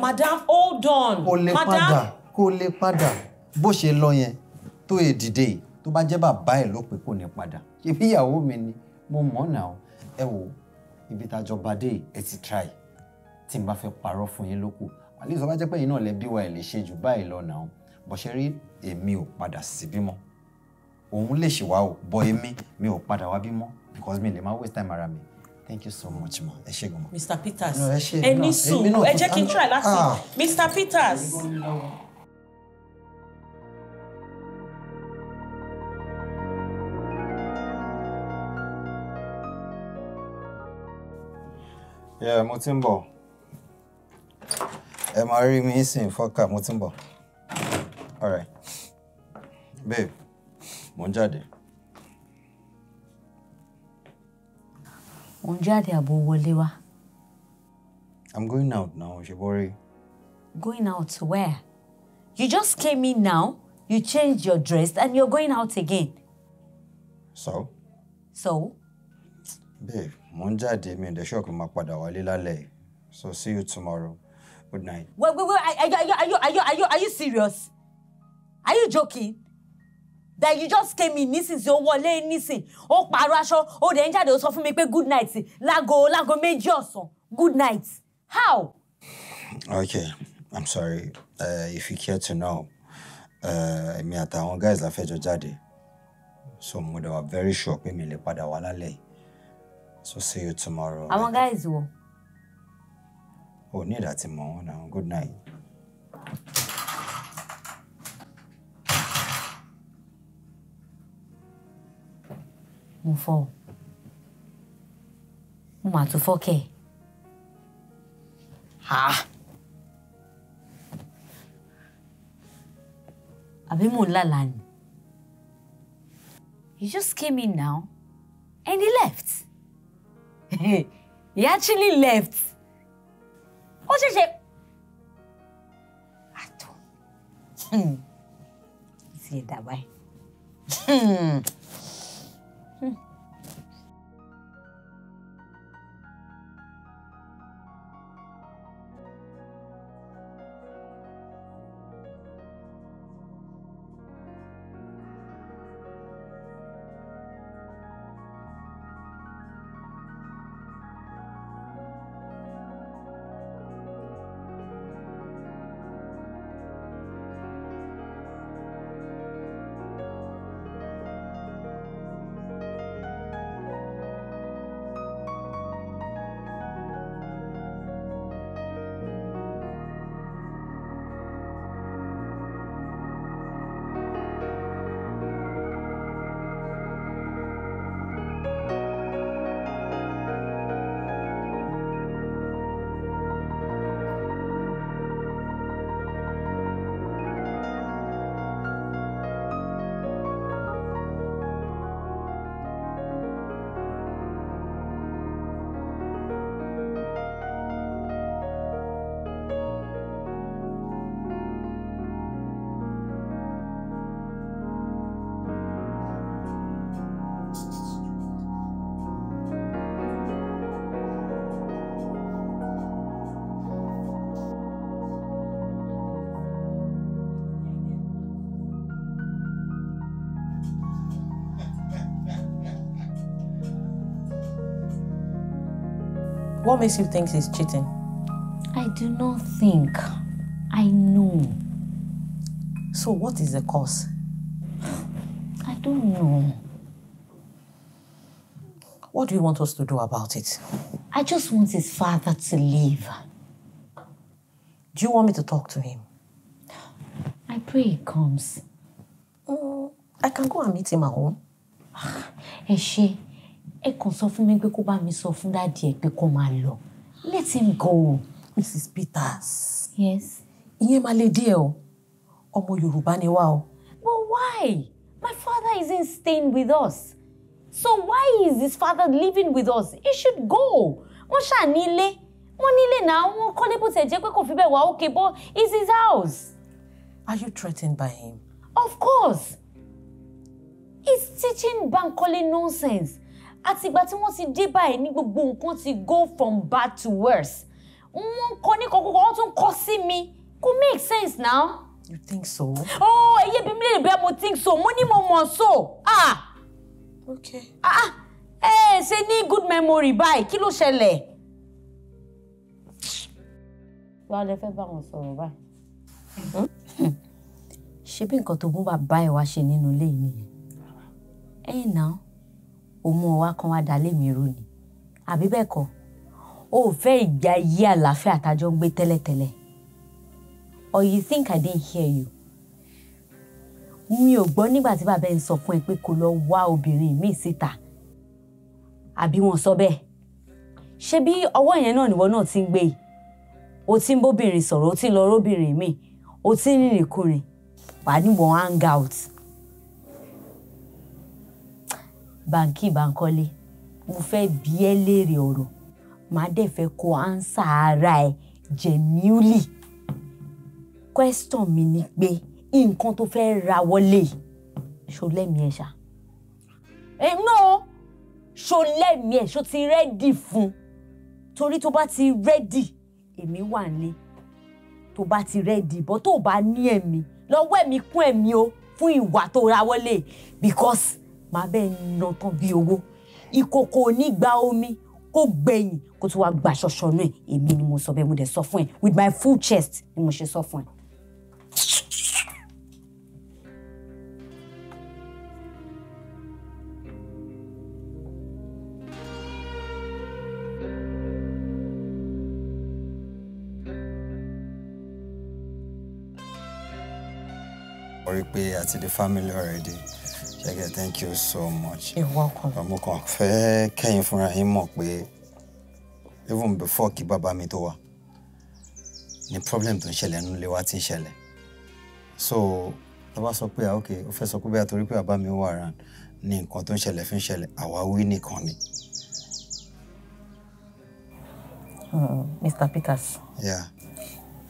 madam hold on madam, kò lè padà kò lè padà bó ṣe lọ yẹn tó yẹ dìde tó bá jẹ́ bàbá ẹ̀ ló pé kò ní padà ṣe bí ìyàwó mi ni mo mọ̀ náà ẹ wò ibi tàjọba dé ẹ ti try tí n bá fẹ́ parọ́ fún yín lóko àlejò bá jẹ́ pé yín náà lẹ bí wa ẹ̀ lè ṣe jù báyìí lọ náà bọ́ṣẹ́ rí èmi ò padà síbí mọ́ òun lè ṣèwà o bọ èmi mi ò padà wá bí because mi lè má waste time ara mi thank you so much ma ẹ ṣé gan. mr peters ẹ ní ẹ jẹ́ kí n try láti ah. mr peters. Yeah, mo ti ń bọ̀ ẹ máa rí mi sìn fọ́kà mo ti ń bọ̀ all right babe mò ń jáde. mò wa. I'm going out now, Shibori. Going out where? You just came in now, you changed your dress, and you're going out again. So? So? Babe, mò ń jáde the de shock máa padà wálé lálẹ́. So see you tomorrow. Good night. Wait, wait, wait. Are, are, are, are, are, are, are, are you serious? are you joking that you just came in nísinsìnyí ó wọlé nísìn ó pààrọ̀ aṣọ ó dẹ̀ ń jáde ó sọ fún mi pé good night láago láago méjì ọ̀sán good night how. okay i'm sorry uh, if you care to know uh, èmi uh, àtàwọn guys la fẹ́ jáde so mo dẹ̀ wà very sure pé mi lè padà wá lálẹ́ so see you tomorrow. àwọn guys wo. o ní ìdá tí mo wọn náà good night. mo fọ́ o mo ha àbí mò ń He just came in now and he left he actually left ó ṣẹ̀ṣẹ̀ àtọ̀ it that way. What makes you think he's cheating? I do not think. I know. So what is the cause? I don't know. What do you want us to do about it? I just want his father to leave. Do you want me to talk to him? I pray he comes. Mm, I can go and meet him at home. she? ẹ kàn sọ fún mi pé kó bá mi sọ fún dáàdi ẹ pé kó máa lọ let him go. Mrs. Peters. yes. ìyẹn máa le díẹ̀ o ọmọ Yorùbá ni wá o. but why my father isn't staying with us so why is his father living with us he should go wọ́n ṣà ní ilé wọ́n ní ilé náà wọ́n kọ́lé bó tẹ̀ jẹ́ pé kò fi bẹ́ẹ̀ wá okay but it's his house. are you threatened by him. of course he's teaching Bankole nonsense àtìgbà tí wọ́n ti dé báyìí ní gbogbo nǹkan ti go from bad to worse wọ́n ń kọ́ ní kọ́kọ́ wọ́n tún kọ́ sí mi kò make sense now. you think so. oh eye bí mi lè bẹ́ẹ̀ mo think so mo ní mo mọ̀ so. ah okay. ah, ah! ẹ ṣe ní good memory báyìí kí ló ṣẹlẹ̀. báwo lẹ fẹ́ bá wọn sọ̀rọ̀ báyìí. ṣé bí nǹkan tó gún bàbá ẹ̀ wá ṣe nínú ilé yìí nìyẹn. ẹ̀ náà òun ọ̀wá kan wá dá lèmi rú ni àbí bẹ́ẹ̀ kọ́ o fẹ́ ìgbé ayé àlàáfíà tájọ́ ń gbé tẹ́lẹ̀tẹ́lẹ̀ or you think I didn't hear you mi ò gbọ́ nígbà tí bàbá ẹ̀ ń sọ fún ẹ pé kó lọ wá obìnrin míì síta àbí wọn sọ bẹ́ẹ̀ ṣé bí ọwọ́ yẹn náà níwọ náà ti ń gbé o ti ń bóbìnrin sọ̀rọ̀ o ti ń lọ róbìnrin míì o ti ń rìnrìn kùnrin wàá ní wọn hang out Bánkì Bánkọ́lé mo fẹ́ bi ẹ́ léèrè ọ̀rọ̀ màá dẹ̀ fẹ́ kó ánsà ara ẹ̀ genuinely question mi ni pé nǹkan tó fẹ́ ra wọlé ṣó lẹ́mí ẹ̀ ṣá ẹ̀ no ṣó lẹ́mí ẹ̀ ṣó ti rẹ́dì fún torí tó bá ti rẹ́dì èmi wà nílé tó bá ti rẹ́dì bọ́ tó bá ní ẹ̀mí lọ́wọ́ ẹ̀mí kún ẹ̀mí o fún ìwà tó ra wọlé because màá bẹ́ẹ̀ nà tán bí owó ìkòkò ní gba omi kó gbẹ̀yìn kó tún wá gba ṣọṣọ náà èmi ni mo sọ bẹ́ẹ̀ mo dẹ̀ sọ fún ẹ with my full chest ni mo ṣe sọ fún ẹ. rí i pé àti the family already ṣẹ́gẹ̀ thank you so much. you're welcome. ọmọ kan fẹ́ kẹ́yìn fúnra yín mọ̀ pé even before kí bàbá mi tó wá ni problem tó ń ṣẹlẹ̀ nílé wa ti ń ṣẹlẹ̀ so tó bá sọ pé ah, ok ó fẹ́ sọ pé bẹ́ẹ̀ torí pé bàbá mi wà around ni nǹkan tó ń ṣẹlẹ̀ fi ń ṣẹlẹ̀ àwáwí nìkan ni. Uh, Mr. Peters. Yeah.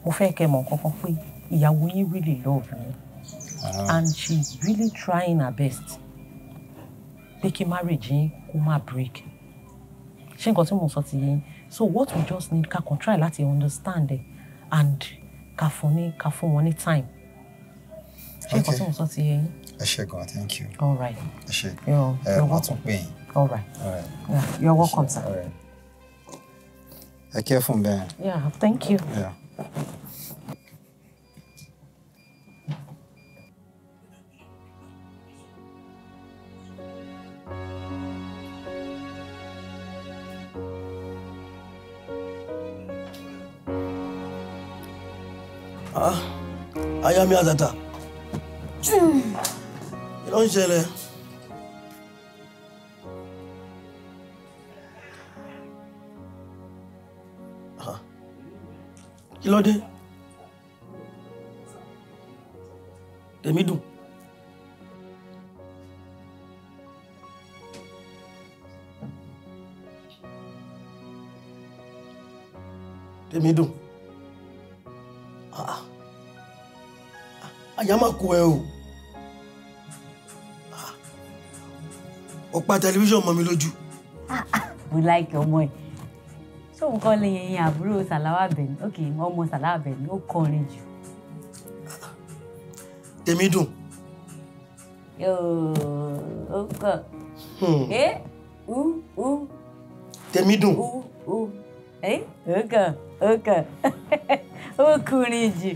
mo fẹ́ kẹ́ mọ̀ kankan pé ìyàwó yín really love yín. -hmm. and she's really trying her best pé kí marriage yín kó break ṣé nǹkan tí mò ń so what we just need ká control, try you understand ẹ and ká phone ní ká fún wọn ní time ṣé nǹkan tí mò ń sọ ti yín. thank you. all right ẹ ṣé ẹ eh, wọn tún all right all right yeah, you're welcome sir. All right. ẹ care from bẹ́ẹ̀. yeah thank you. Yeah. kaamya zata ilonjele kí ló dé tèmi dùn tèmi ìyá máa kó ẹ o ah. ó pa tẹlifíṣàn mọ́ mi lójú. mo láìkí ọmọ ẹ ṣé òun kọ́ lẹ́yìn ẹyin àbúrò sàláwà bẹ̀ni ok ọmọ sàláwà bẹ̀ni ó kọrin jù. tèmi dùn. ó kọ hmm. ẹ ú ú. tèmi dùn. ú ú ó kọ ó kọ ó kùnrin jù.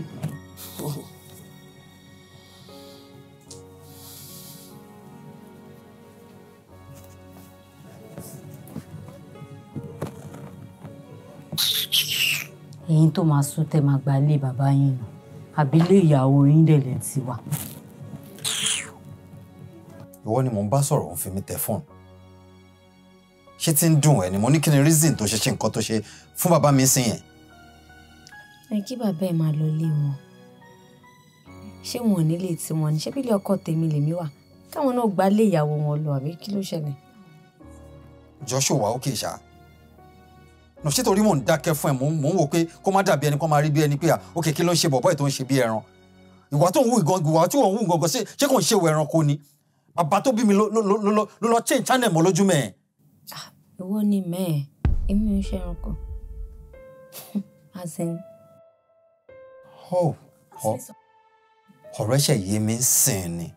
ẹ̀yin tó máa sún tẹ́ máa gba ilé bàbá yín nù àbí ilé ìyàwó yín dẹ̀ lẹ́ ti wà. ìwọ ni mò ń bá sọ̀rọ̀ òun fi mi tẹ fóònù ṣé tí ń dùn ẹ ni mo ní kí ni reason tó ṣe ṣe nǹkan tó ṣe fún bàbá mi sí yẹn. ẹ kí bàbá ẹ máa lọ lé wọn ṣé wọn ò nílé tiwọn ni ṣébílẹ̀ ọkọ tèmi lèmi wà káwọn náà gba ilé ìyàwó wọn lọ àbí kí ló ṣẹlẹ̀. Joshua ó nù ṣé torí mò ń dákẹ́ fún ẹ mò ń wò pé kó má dàbí ẹni kó má rí bí ẹni pé à ah, ókè kí ló ń ṣe bọ̀bọ́ ẹ̀ tó ń ṣe bí ẹran ìwà tó ń wù ìgangan ìwà tó ń wù ìgangan ṣé kò ń ṣe ìwà ẹranko ni bàbá tó bí mi ló lọ change channel mọ́ lójú mẹ́ẹ̀. Ah, ìwọ ni mẹ́ẹ̀ èmi ò ṣe ẹranko as in. ọ̀rọ̀ ẹ̀ṣẹ̀ yé mi ń sìn ni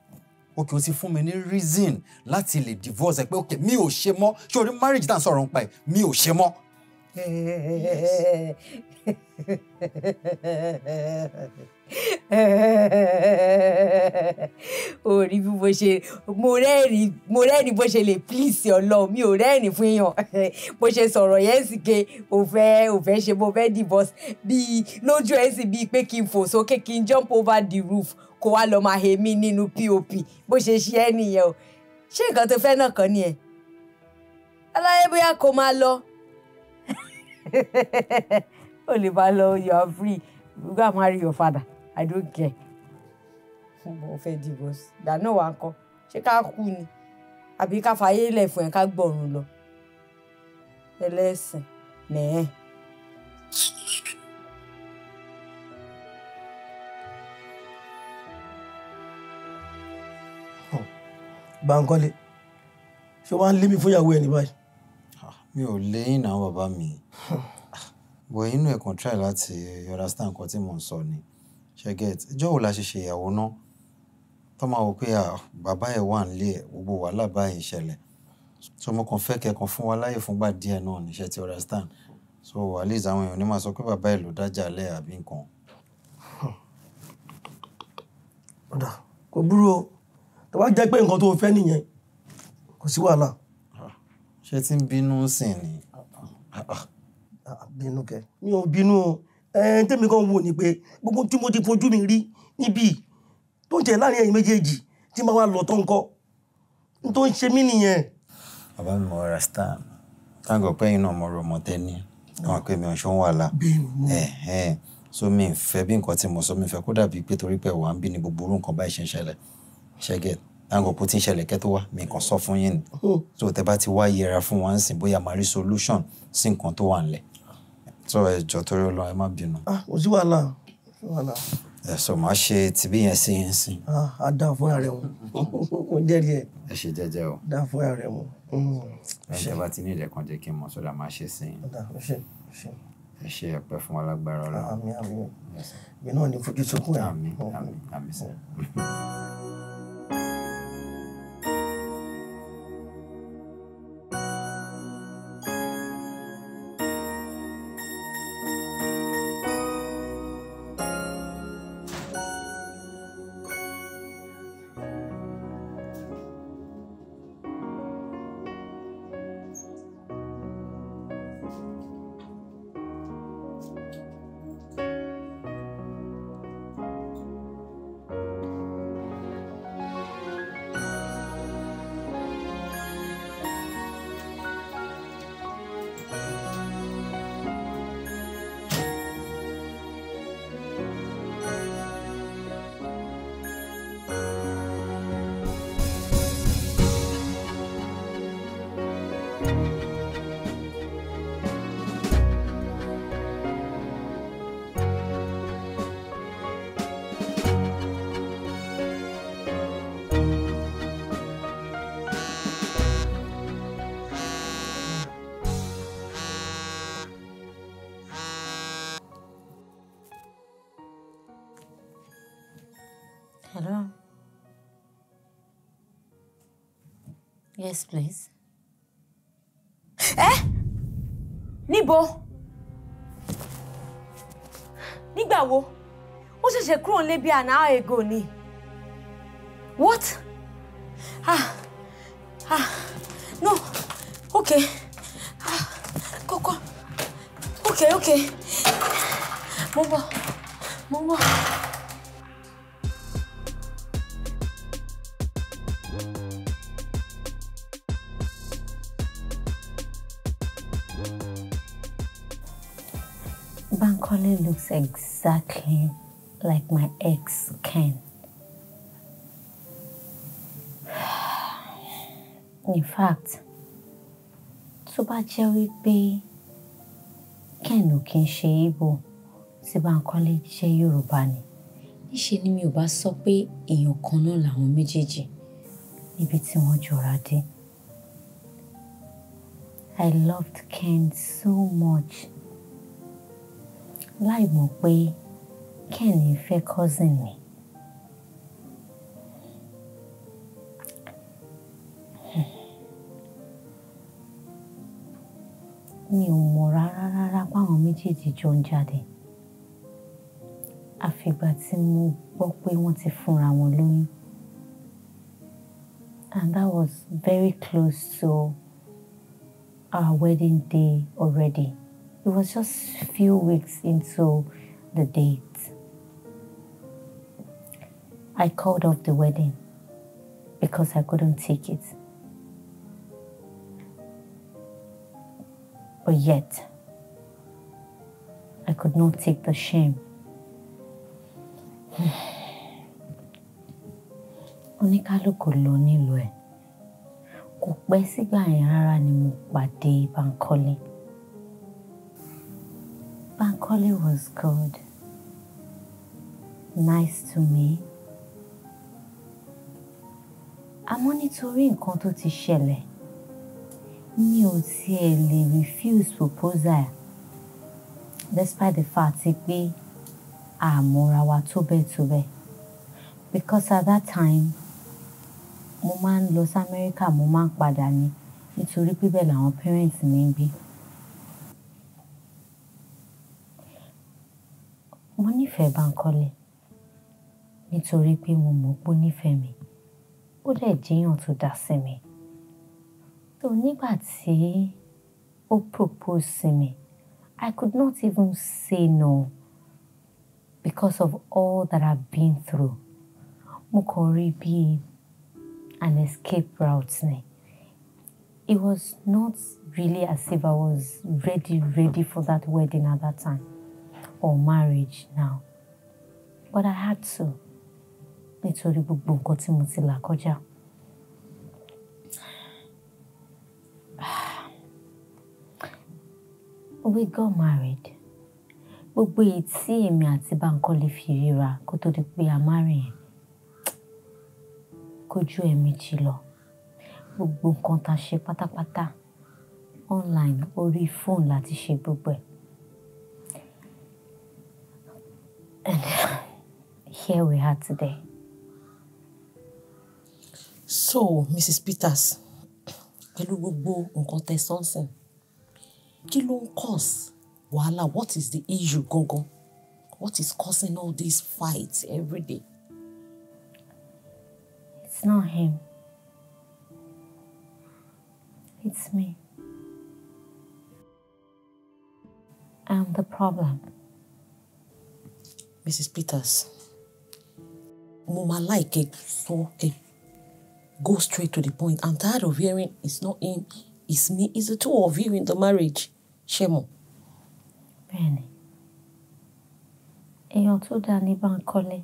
òkè ó ti fún mi ní reason láti lè divorce ẹ pé òkè mi ò ṣe mọ́ ṣé orí marriage tá à ń sọ̀rọ̀ ń pa ẹ̀ mi ò ṣe mọ́. Yes. o rí bí mo ṣe mo rẹ́rìn mo rẹ́rìn bó ṣe lè please ọlọ́run mi ò rẹ́rìn fún yàn bó ṣe sọ̀rọ̀ yẹn sì ke ò fẹ́ ò fẹ́ ṣe mo fẹ́ divorce bíi lójú ẹ̀ sì bíi pé kí n fò sókè kí n jump over the roof kó wá lọ máa he mí nínú pop bó ṣe ṣe ẹ́ nìyẹn o ṣé nǹkan tó fẹ́ náà kàn ni ẹ̀ aláyé bóyá kó máa lọ. Only lè máa you are free you go marry your father i don't care. mo fẹ́ divorce ìdáná wa ń kọ́ ṣé ká kú ni àbí ká fàyè ilẹ̀ fún ẹ̀ ká gbọ̀run lọ ẹlẹ́sìn nìyẹn. Bánkọ́lé ṣé wàá ń lé mi fún ìyàwó ẹ̀ ní báyìí. Mi ò léyìn àwọn bàbá mi. But inú ẹ̀ kan try láti understand nǹkan tí mò ń sọ ni. Ṣé get? Ijọ́ wo la ṣe ṣe ìyàwó náà? Tọ́ máa wò pé ah, bàbá ẹ wà nílé ẹ̀, gbogbo wàhálà bá yìí So mo kàn fẹ́ kẹ́kàn fún wa láyè fún ìgbà díẹ̀ náà ni ti understand? So at least àwọn èèyàn ò ní máa sọ pé bàbá ẹ ló dájà lẹ́ àbí nǹkan. kò burú o. Tó bá jẹ́ pé nǹkan tó fẹ́ nìyẹn, kò sí wàhálà ṣé tí ń bínú sìn ni. bínú kẹ mi ò bínú o tẹ́mi kan wò ni pé gbogbo tí mo ti fojú mi rí níbí tó ń jẹ láàrin ẹ̀yin méjèèjì tí máa wá lọ tó ń kọ́ n tó ń ṣe mí nìyẹn. bàbá mi wọ rasta táǹgọ̀ pẹ́yìn náà mo rò mọ́tẹ́ ní àwọn pé mi ò ṣó ń so mi ń fẹ́ bí nǹkan tí mo sọ mi ń fẹ́ kó dàbí pé torí pé wà ń bí ni gbogbo orú nǹkan báyìí ṣe ń ṣẹlẹ̀ ṣẹ́gẹ̀ẹ́ dangote ti ń ṣẹlẹ̀ kẹ́ tó mi kàn sọ fún yín ni oh. so tẹ bá ti wá yẹra fún wọn sìn bóyá màá rí solution sí nǹkan tó wà nílẹ̀ so ẹ jọ̀ọ́ torí Ọlọ́run ẹ má bínú. ah ojú wàhálà wàhálà. ẹ sọ máa ṣe tìbí yẹn sí yẹn sí. ah a dá fún ààrẹ wọn mo jẹ́rìí ẹ. ẹ ṣe jẹ́jẹ́ o. dá fún ààrẹ wọn. Hmm. ẹ ṣe bá ti ní ìdẹ́kan jẹ́ kí n mọ̀ sódà máa ṣe sí yín. ẹ ṣe ẹ̀pẹ́ fún wa lágbára Ọlọ́run. àmín mi náà ní fojú sunkún ẹ. Hmm. àmín àmín àmín hmm. sẹ́yìn. Yes, please. Eh? Nibo? Nígbà wo? Ó ṣẹ̀ṣẹ̀ kúrò nílé bí an hour ago ni. What? Ah. Ah. No. Okay. Ah. Koko. Okay, okay. Mo ń exactly like my ex Ken. In fact, tó bá jẹ́ wípé Ken ò kí ń ṣe Igbo tí Bankole jẹ́ Yorùbá ni, níṣe ni mi ò bá sọ pé èèyàn kan náà làwọn méjèèjì níbi tí wọ́n jọra dé. I loved Ken so much láì mọ̀ pé Kenny fẹ́ cousin mi. Hmm. mi ò mọ̀ rárá rárá páwọn méjèèjì jọ ń jáde àfìgbà tí mo gbọ́ pé wọ́n ti fúnra wọn lóyún and that was very close to our wedding day already. It was just few weeks into the date. I called off the wedding because I couldn't take it. But yet, I could not take the shame. Oníkálukú ló nílò ẹ̀. Kò pẹ́ rárá ni mo pàdé Macaulay was good, nice to me. Àmọ́ nítorí nǹkan tó ti ṣẹlẹ̀, mi ò tiẹ̀ lè refuse proposal despite the fact pé àmọ́ra wa tó bẹ́ẹ̀ tó bẹ́ẹ̀. Because at that time, mo máa ń lọ sí America, mo máa ń padà ni nítorí pé bẹ́ẹ̀ làwọn parents mi ń gbé. nífẹ̀ẹ́ Bánkọ́lé nítorí pé mo mọ̀ pé ó nífẹ̀ẹ́ mi ó dẹ̀ jẹ́yàn tó dá sí mi. So nígbà tí ó propose sí mi, I could not even say no because of all that I've been through. Mo kàn rí bí an escape route ni. It was not really as if I was ready, ready for that wedding at that time or marriage now. But I had to nítorí gbogbo nǹkan tí mo ti là kọjá. We got married. Gbogbo èyí tí èmi àti Bánkọ́lé fi ríra kó tó di pé a marry yẹn kò ju ẹ̀ẹ̀mejì lọ. Gbogbo nǹkan ta ṣe pátápátá online orí fóònù la ti ṣe gbogbo ẹ̀. care we had today. So, Mrs. Peters, pẹ̀lú gbogbo nǹkan tẹ sọ́nsìn, kí cause wàhálà? What is the issue Gogo? What is causing all these fights every day? It's not him. It's me. I'm the problem. Mrs. Peters, mo máa láìkẹ́ sọ ẹ̀ go straight to the point I'm tired of hearing it's not him it's me it's the two of you in the marriage ṣe mọ̀. bẹ́ẹ̀ni èèyàn tó dáa ní Bánkọ́lé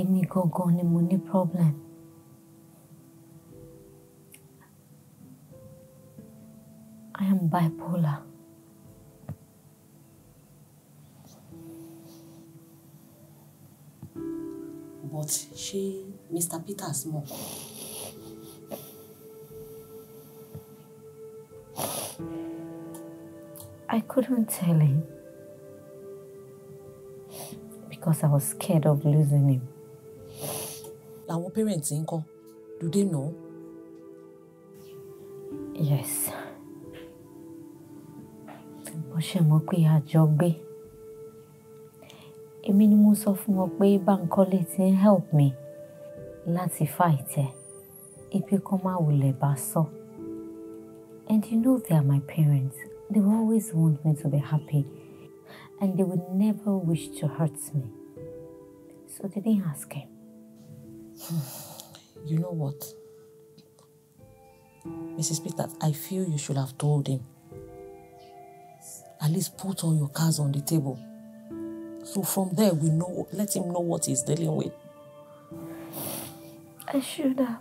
èmi go ni mo money problem. I am bipolar. but ṣé Mr. Peters mọ̀? I couldn't tell him because I was scared of losing him. Our parents ń kọ́, do they know? Yes. But she Mo ṣe her job be. èmi ni mo sọ fún wọn pé Bankole ti ń help me láti fight ẹ ipe kan máa wulẹ̀ bá sọ. And you know they are my parents. They will always want me to be happy and they would never wish to hurt me. So they didn't ask him. You know what? Mrs. Peter, I feel you should have told him. At least put all your cards on the table. So from there, we know, let him know what he's dealing with. I should have.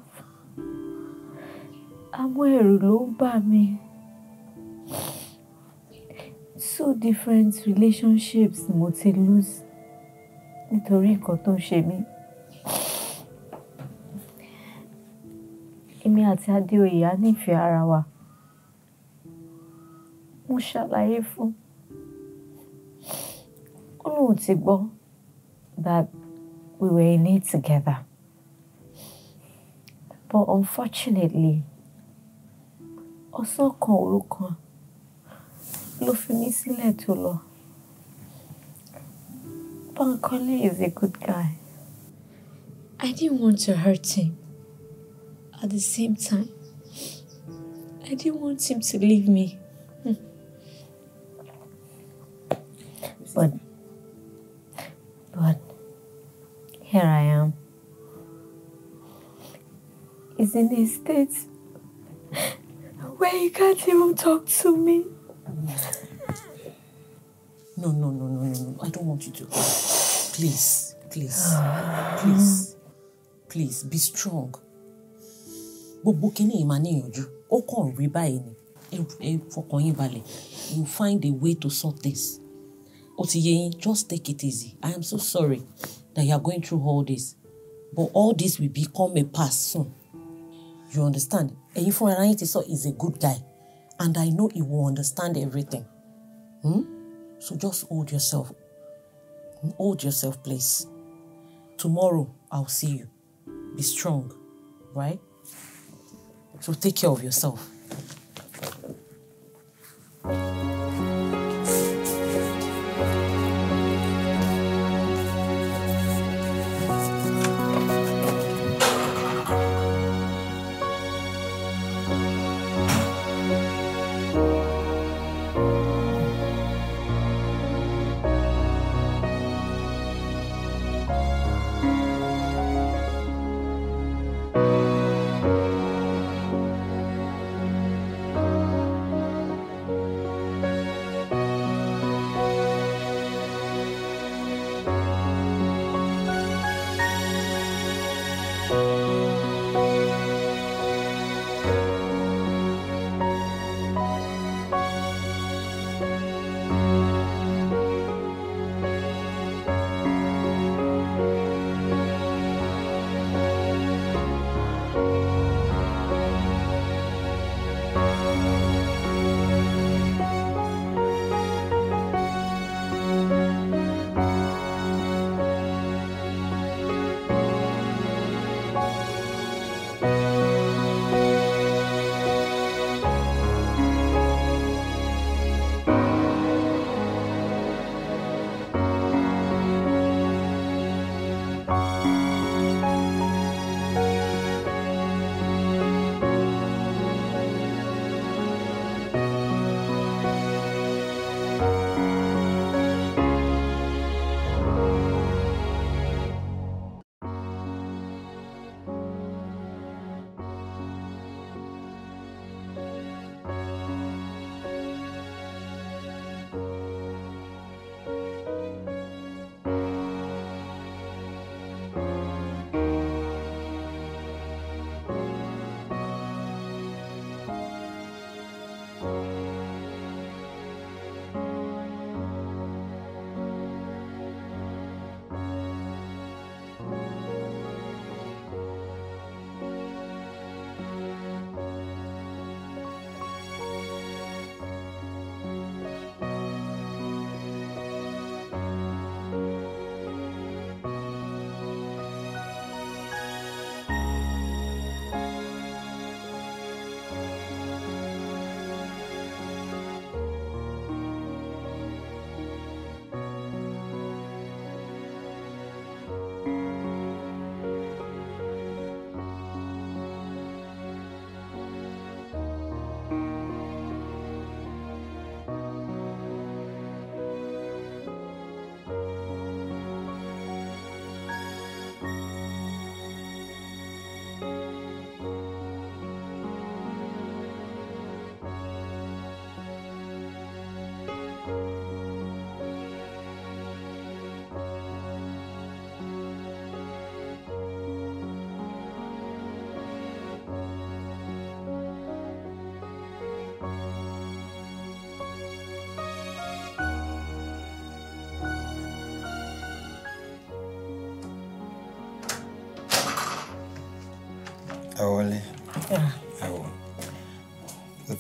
I'm ẹ̀rù ló ń So different relationships mo ti lose nítorí nǹkan tó ń ṣe mí. Èmi àti Adéoyè á nífẹ̀ẹ́ ara wa. Mo ṣàlàyé lóhùn ti gbọ́ that we were in it together. But unfortunately, ọ̀sán kan òru kan ló fi mí sílẹ̀ tó lọ. Bankole is a good guy. I didn't want to hurt him. At the same time, I didn't want him to leave me. Hmm. But God, here I am. Is in a state where he can't even talk to me. No, no, no, no, no, no. I don't want you to. Please, please, please, please, be strong. Gbogbo kìíní yìí máa níyànjú. Ó kàn rí báyìí ni. Ẹ fọkàn yín balẹ̀. find a way to sort this. Otiyeyin, just take it easy. I am so sorry that you are going through all this. But all this will become a past soon. You understand? if fúnra ara yín ti sọ is a good guy and I know he will understand everything. Hmm? So just hold yourself. Hold yourself, please. Tomorrow, I'll see you. Be strong, right? So take care of yourself.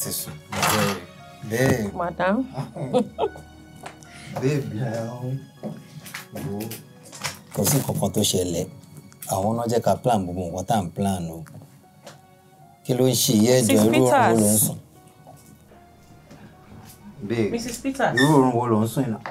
ti sùn. Babe. Madam. Babe, wo kò sí nǹkan kan tó ṣẹlẹ̀ àwọn náà jẹ́ ká plan gbogbo nǹkan tá à ń plan o kí ló ń ṣe iye ẹ̀jọ̀ irú òórùn wo ló ń sùn. Babe irú òórùn wo ló ń sùn náà.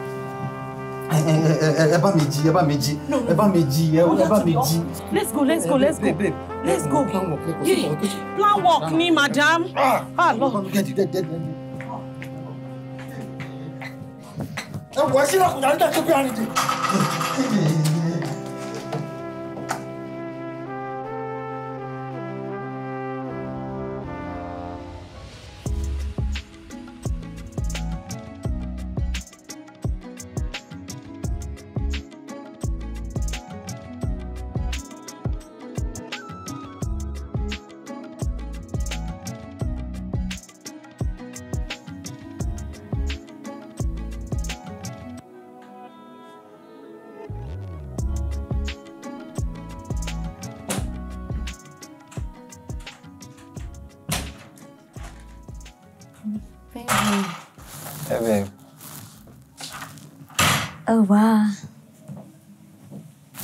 Eh, eh, eh, ẹ bá mi jí ẹ bá mi jí ẹ bá mi jí ẹ bá mi jí. let's go let's go let's go let's go plan work ni madam. Ah, ah lord. ẹ wọ ẹ sílẹ̀ kùnà nígbà tó kí wàá nìjẹ.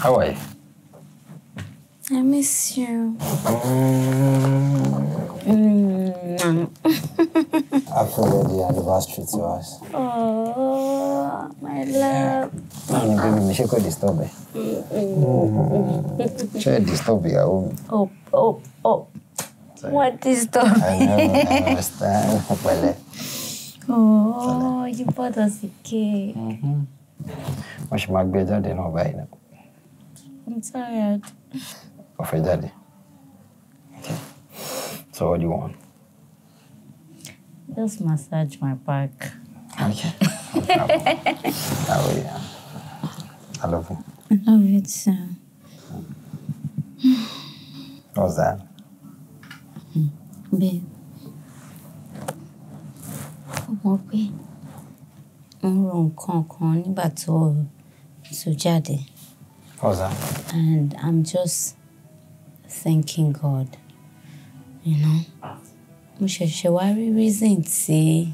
How are you? I miss you. Mm. Happy birthday anniversary to us. Oh, my love. Mami, baby, mi ṣe kò disturb ẹ. Ṣé disturb ìyàwó mi? Oh, oh, oh. Sorry. What disturb? I know, I understand. Pẹ̀lẹ́. Oh, you bought us a cake. Wọ́n mm-hmm. ṣe máa gbé jáde náà báyìí náà. tired. Of your daddy? Okay. So what do you want? Just massage my back. Okay. I will. Yeah. I love you. I love you too. What's that? Babe. Ọmọ pé ń ro nǹkan kan nígbà tó tó jáde. What's that? And I'm just thanking God, you know. Mo ṣẹ̀ṣẹ̀ wá rí reason tí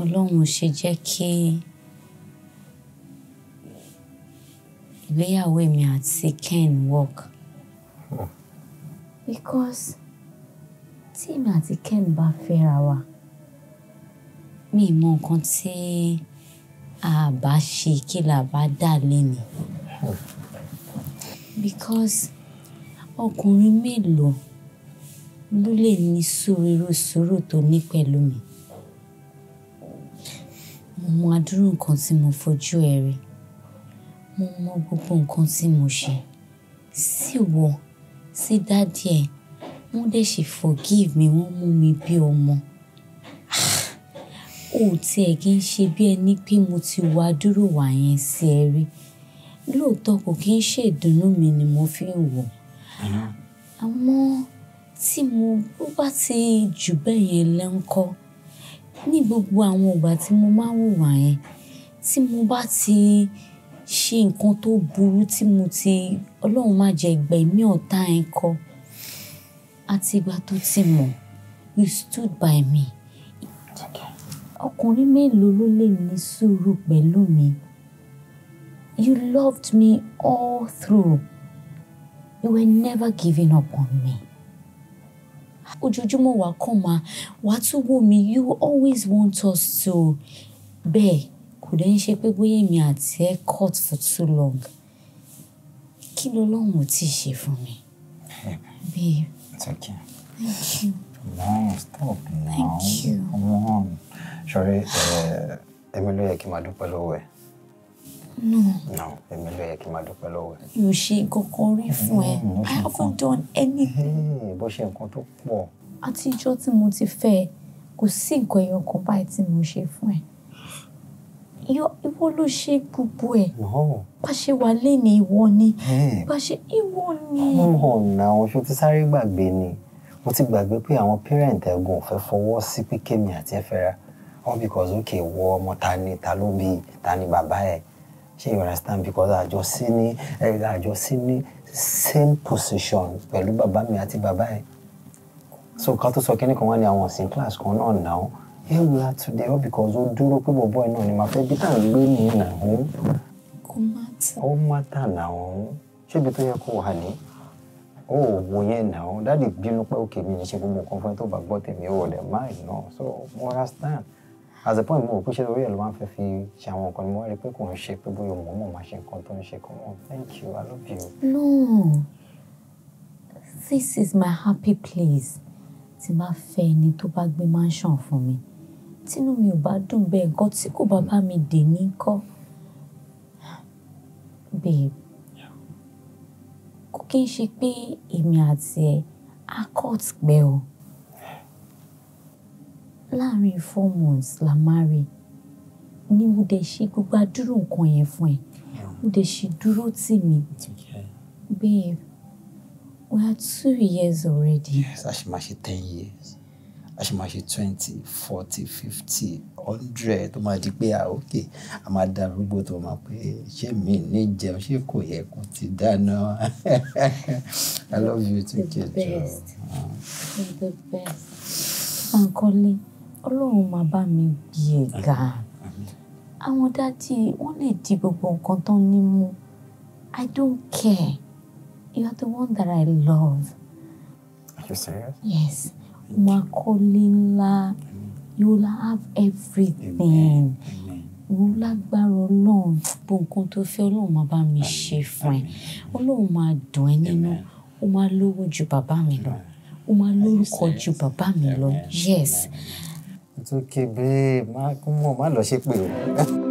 Ọlọ́run ṣe jẹ́ kí ìgbéyàwó mi àti Ken work. Hmm. Because tí èmi àti Ken bá fẹ́ra wa mi mọ nǹkan tí a bá ṣe kí la bá dà lé Because ọkùnrin mélòó ló lè ní sùúrù irú sùúrù tó ní pẹ̀lú mi? Mo mọ adúru nǹkan tí mo fojú ẹ rí, mo mọ gbogbo nǹkan tí mo ṣe. Sí ìwọ, sí daddy ẹ, wọ́n dẹ̀ ṣi forgive mi, wọ́n mú mi bí ọmọ. Ah, o ti ẹ̀ kí ń ṣe bí ẹni pé mo ti wu adúru iwà yẹn sí ẹ rí lóòótọ́ kò kí ń ṣe ìdùnnú mi ni mo fi ń wò. Àmọ́ tí mo ó bá ti jù bẹ́ẹ̀ yẹn lẹ́ńkọ́ ní gbogbo àwọn ìgbà tí mo máa ń wùwà yẹn, tí mo bá ti ṣe nǹkan tó burú tí mo ti Ọlọ́run má jẹ gbẹ̀mí ọ̀tá ẹ kọ́. Àti ìgbà tó ti mọ̀, you stood by me. Ọkùnrin mélòó ló lè ní sùúrù pẹ̀lú mi? You loved me all through. You were never giving up on me. Ojoojúmọ́ wa kàn máa You always want us to. be. Couldn't dẹ́ ń ṣe pé bóyá èmi àti cut for too long. Kí ló lọ́hùn tí ì ṣe fún mi? Babe. It's okay. Thank you. No, stop now. Thank you. Come on. Sorry, èmi eh, ló yẹ kí n máa dúpẹ́ lọ́wọ́ No, No. ló yẹ kí n máa you lọ́wọ́ ẹ. Mi ò ṣe nǹkan kan I haven't done anything. Bó ṣe nǹkan tó pọ̀. Àtijọ́ tí mo ti fẹ́ ẹ, kò sí nǹkan ẹyọ kan báyìí tí mo ṣe fún ẹ. Ìwọ ló ṣe gbogbo ẹ̀. Bá ṣe wà léni ìwọ ni. Bá ṣe ìwọ ni. Ọ̀nà àwọn oṣù ti sáré gbàgbé ni. Mo ti gbàgbé pé àwọn pẹ́rẹ́ǹtì ẹ̀gbọ́n ò fẹ́ fọwọ́ sí pé kémi àti ẹ fẹ́ra. All because okay, wọ ọmọ ta ni ta ló bí ta ṣé you understand because àjọ sí ní àjọ sí ní same position pẹ̀lú bàbá mi àti bàbá ẹ̀ so ká tó sọ kí nìkan wá ní àwọn ọ̀sìn class kan náà nà ó here we are today all because ó dúró pé bọ̀bọ̀ ẹ̀ náà ni màá fẹ́ bí tá à ń gbé ní nà ó. ó má tà ó má tà nà ó ṣébi tó yẹ kó wà ní ó wo yẹn nà ó dáàdi bínú pé òkè mi ní ṣe gbogbo nǹkan fún ẹ tó bá gbọ́ tèmi ó wọlé máì náà so mo understand as a point mo rò pé ẹ̀ ló máa ń fẹ́ fi ṣe àwọn nǹkan ni rí pé kò ń ṣe pé bóyá mo mọ̀ máa ṣe nǹkan tó ń ṣe kan thank you i love you. no this is my happy place tí máa fẹ́ ẹni tó bá gbé mansion fún mi tínú mi ò bá dùn bẹ́ẹ̀ nǹkan tí kò bá bá mi dè ní kọ́ babe kò kí n ṣe pé èmi àti ẹ á pẹ́ o láàárín four months la marry ni mo dẹ̀ ṣe gbogbo adúrú nǹkan yẹn fún ẹ mo dẹ̀ ṣe dúró tì mí babe we are two years already. yes a ṣì máa ṣe ten years a ṣì máa ṣe twenty forty fifty hundred tó máa di pé ah ok a máa da arúgbó tó máa pé ṣé mi ní jẹun ṣé kò yẹ kó ti dáná i love you too kejì. the best the best Fankole ọlọ́run máa bá mi gbé ẹ̀ ga àwọn dáàdi wọ́n lè di gbogbo nǹkan tán ní mú I don't care you are the one that I love. Are you serious? Yes. Máa kọ́lé ńlá you will have everything. Òun lágbára ọlọ́run gbogbo nǹkan tó fẹ́ ọlọ́run máa bá mi ṣe fún ẹ. Ọlọ́run máa dùn ẹ́ nínú. Ó máa lówó ju bàbá mi lọ. Ó máa lórúkọ ju bàbá mi lọ. Yes. Amen. It's okay babe má kó mọ̀ má lọ ṣépè o.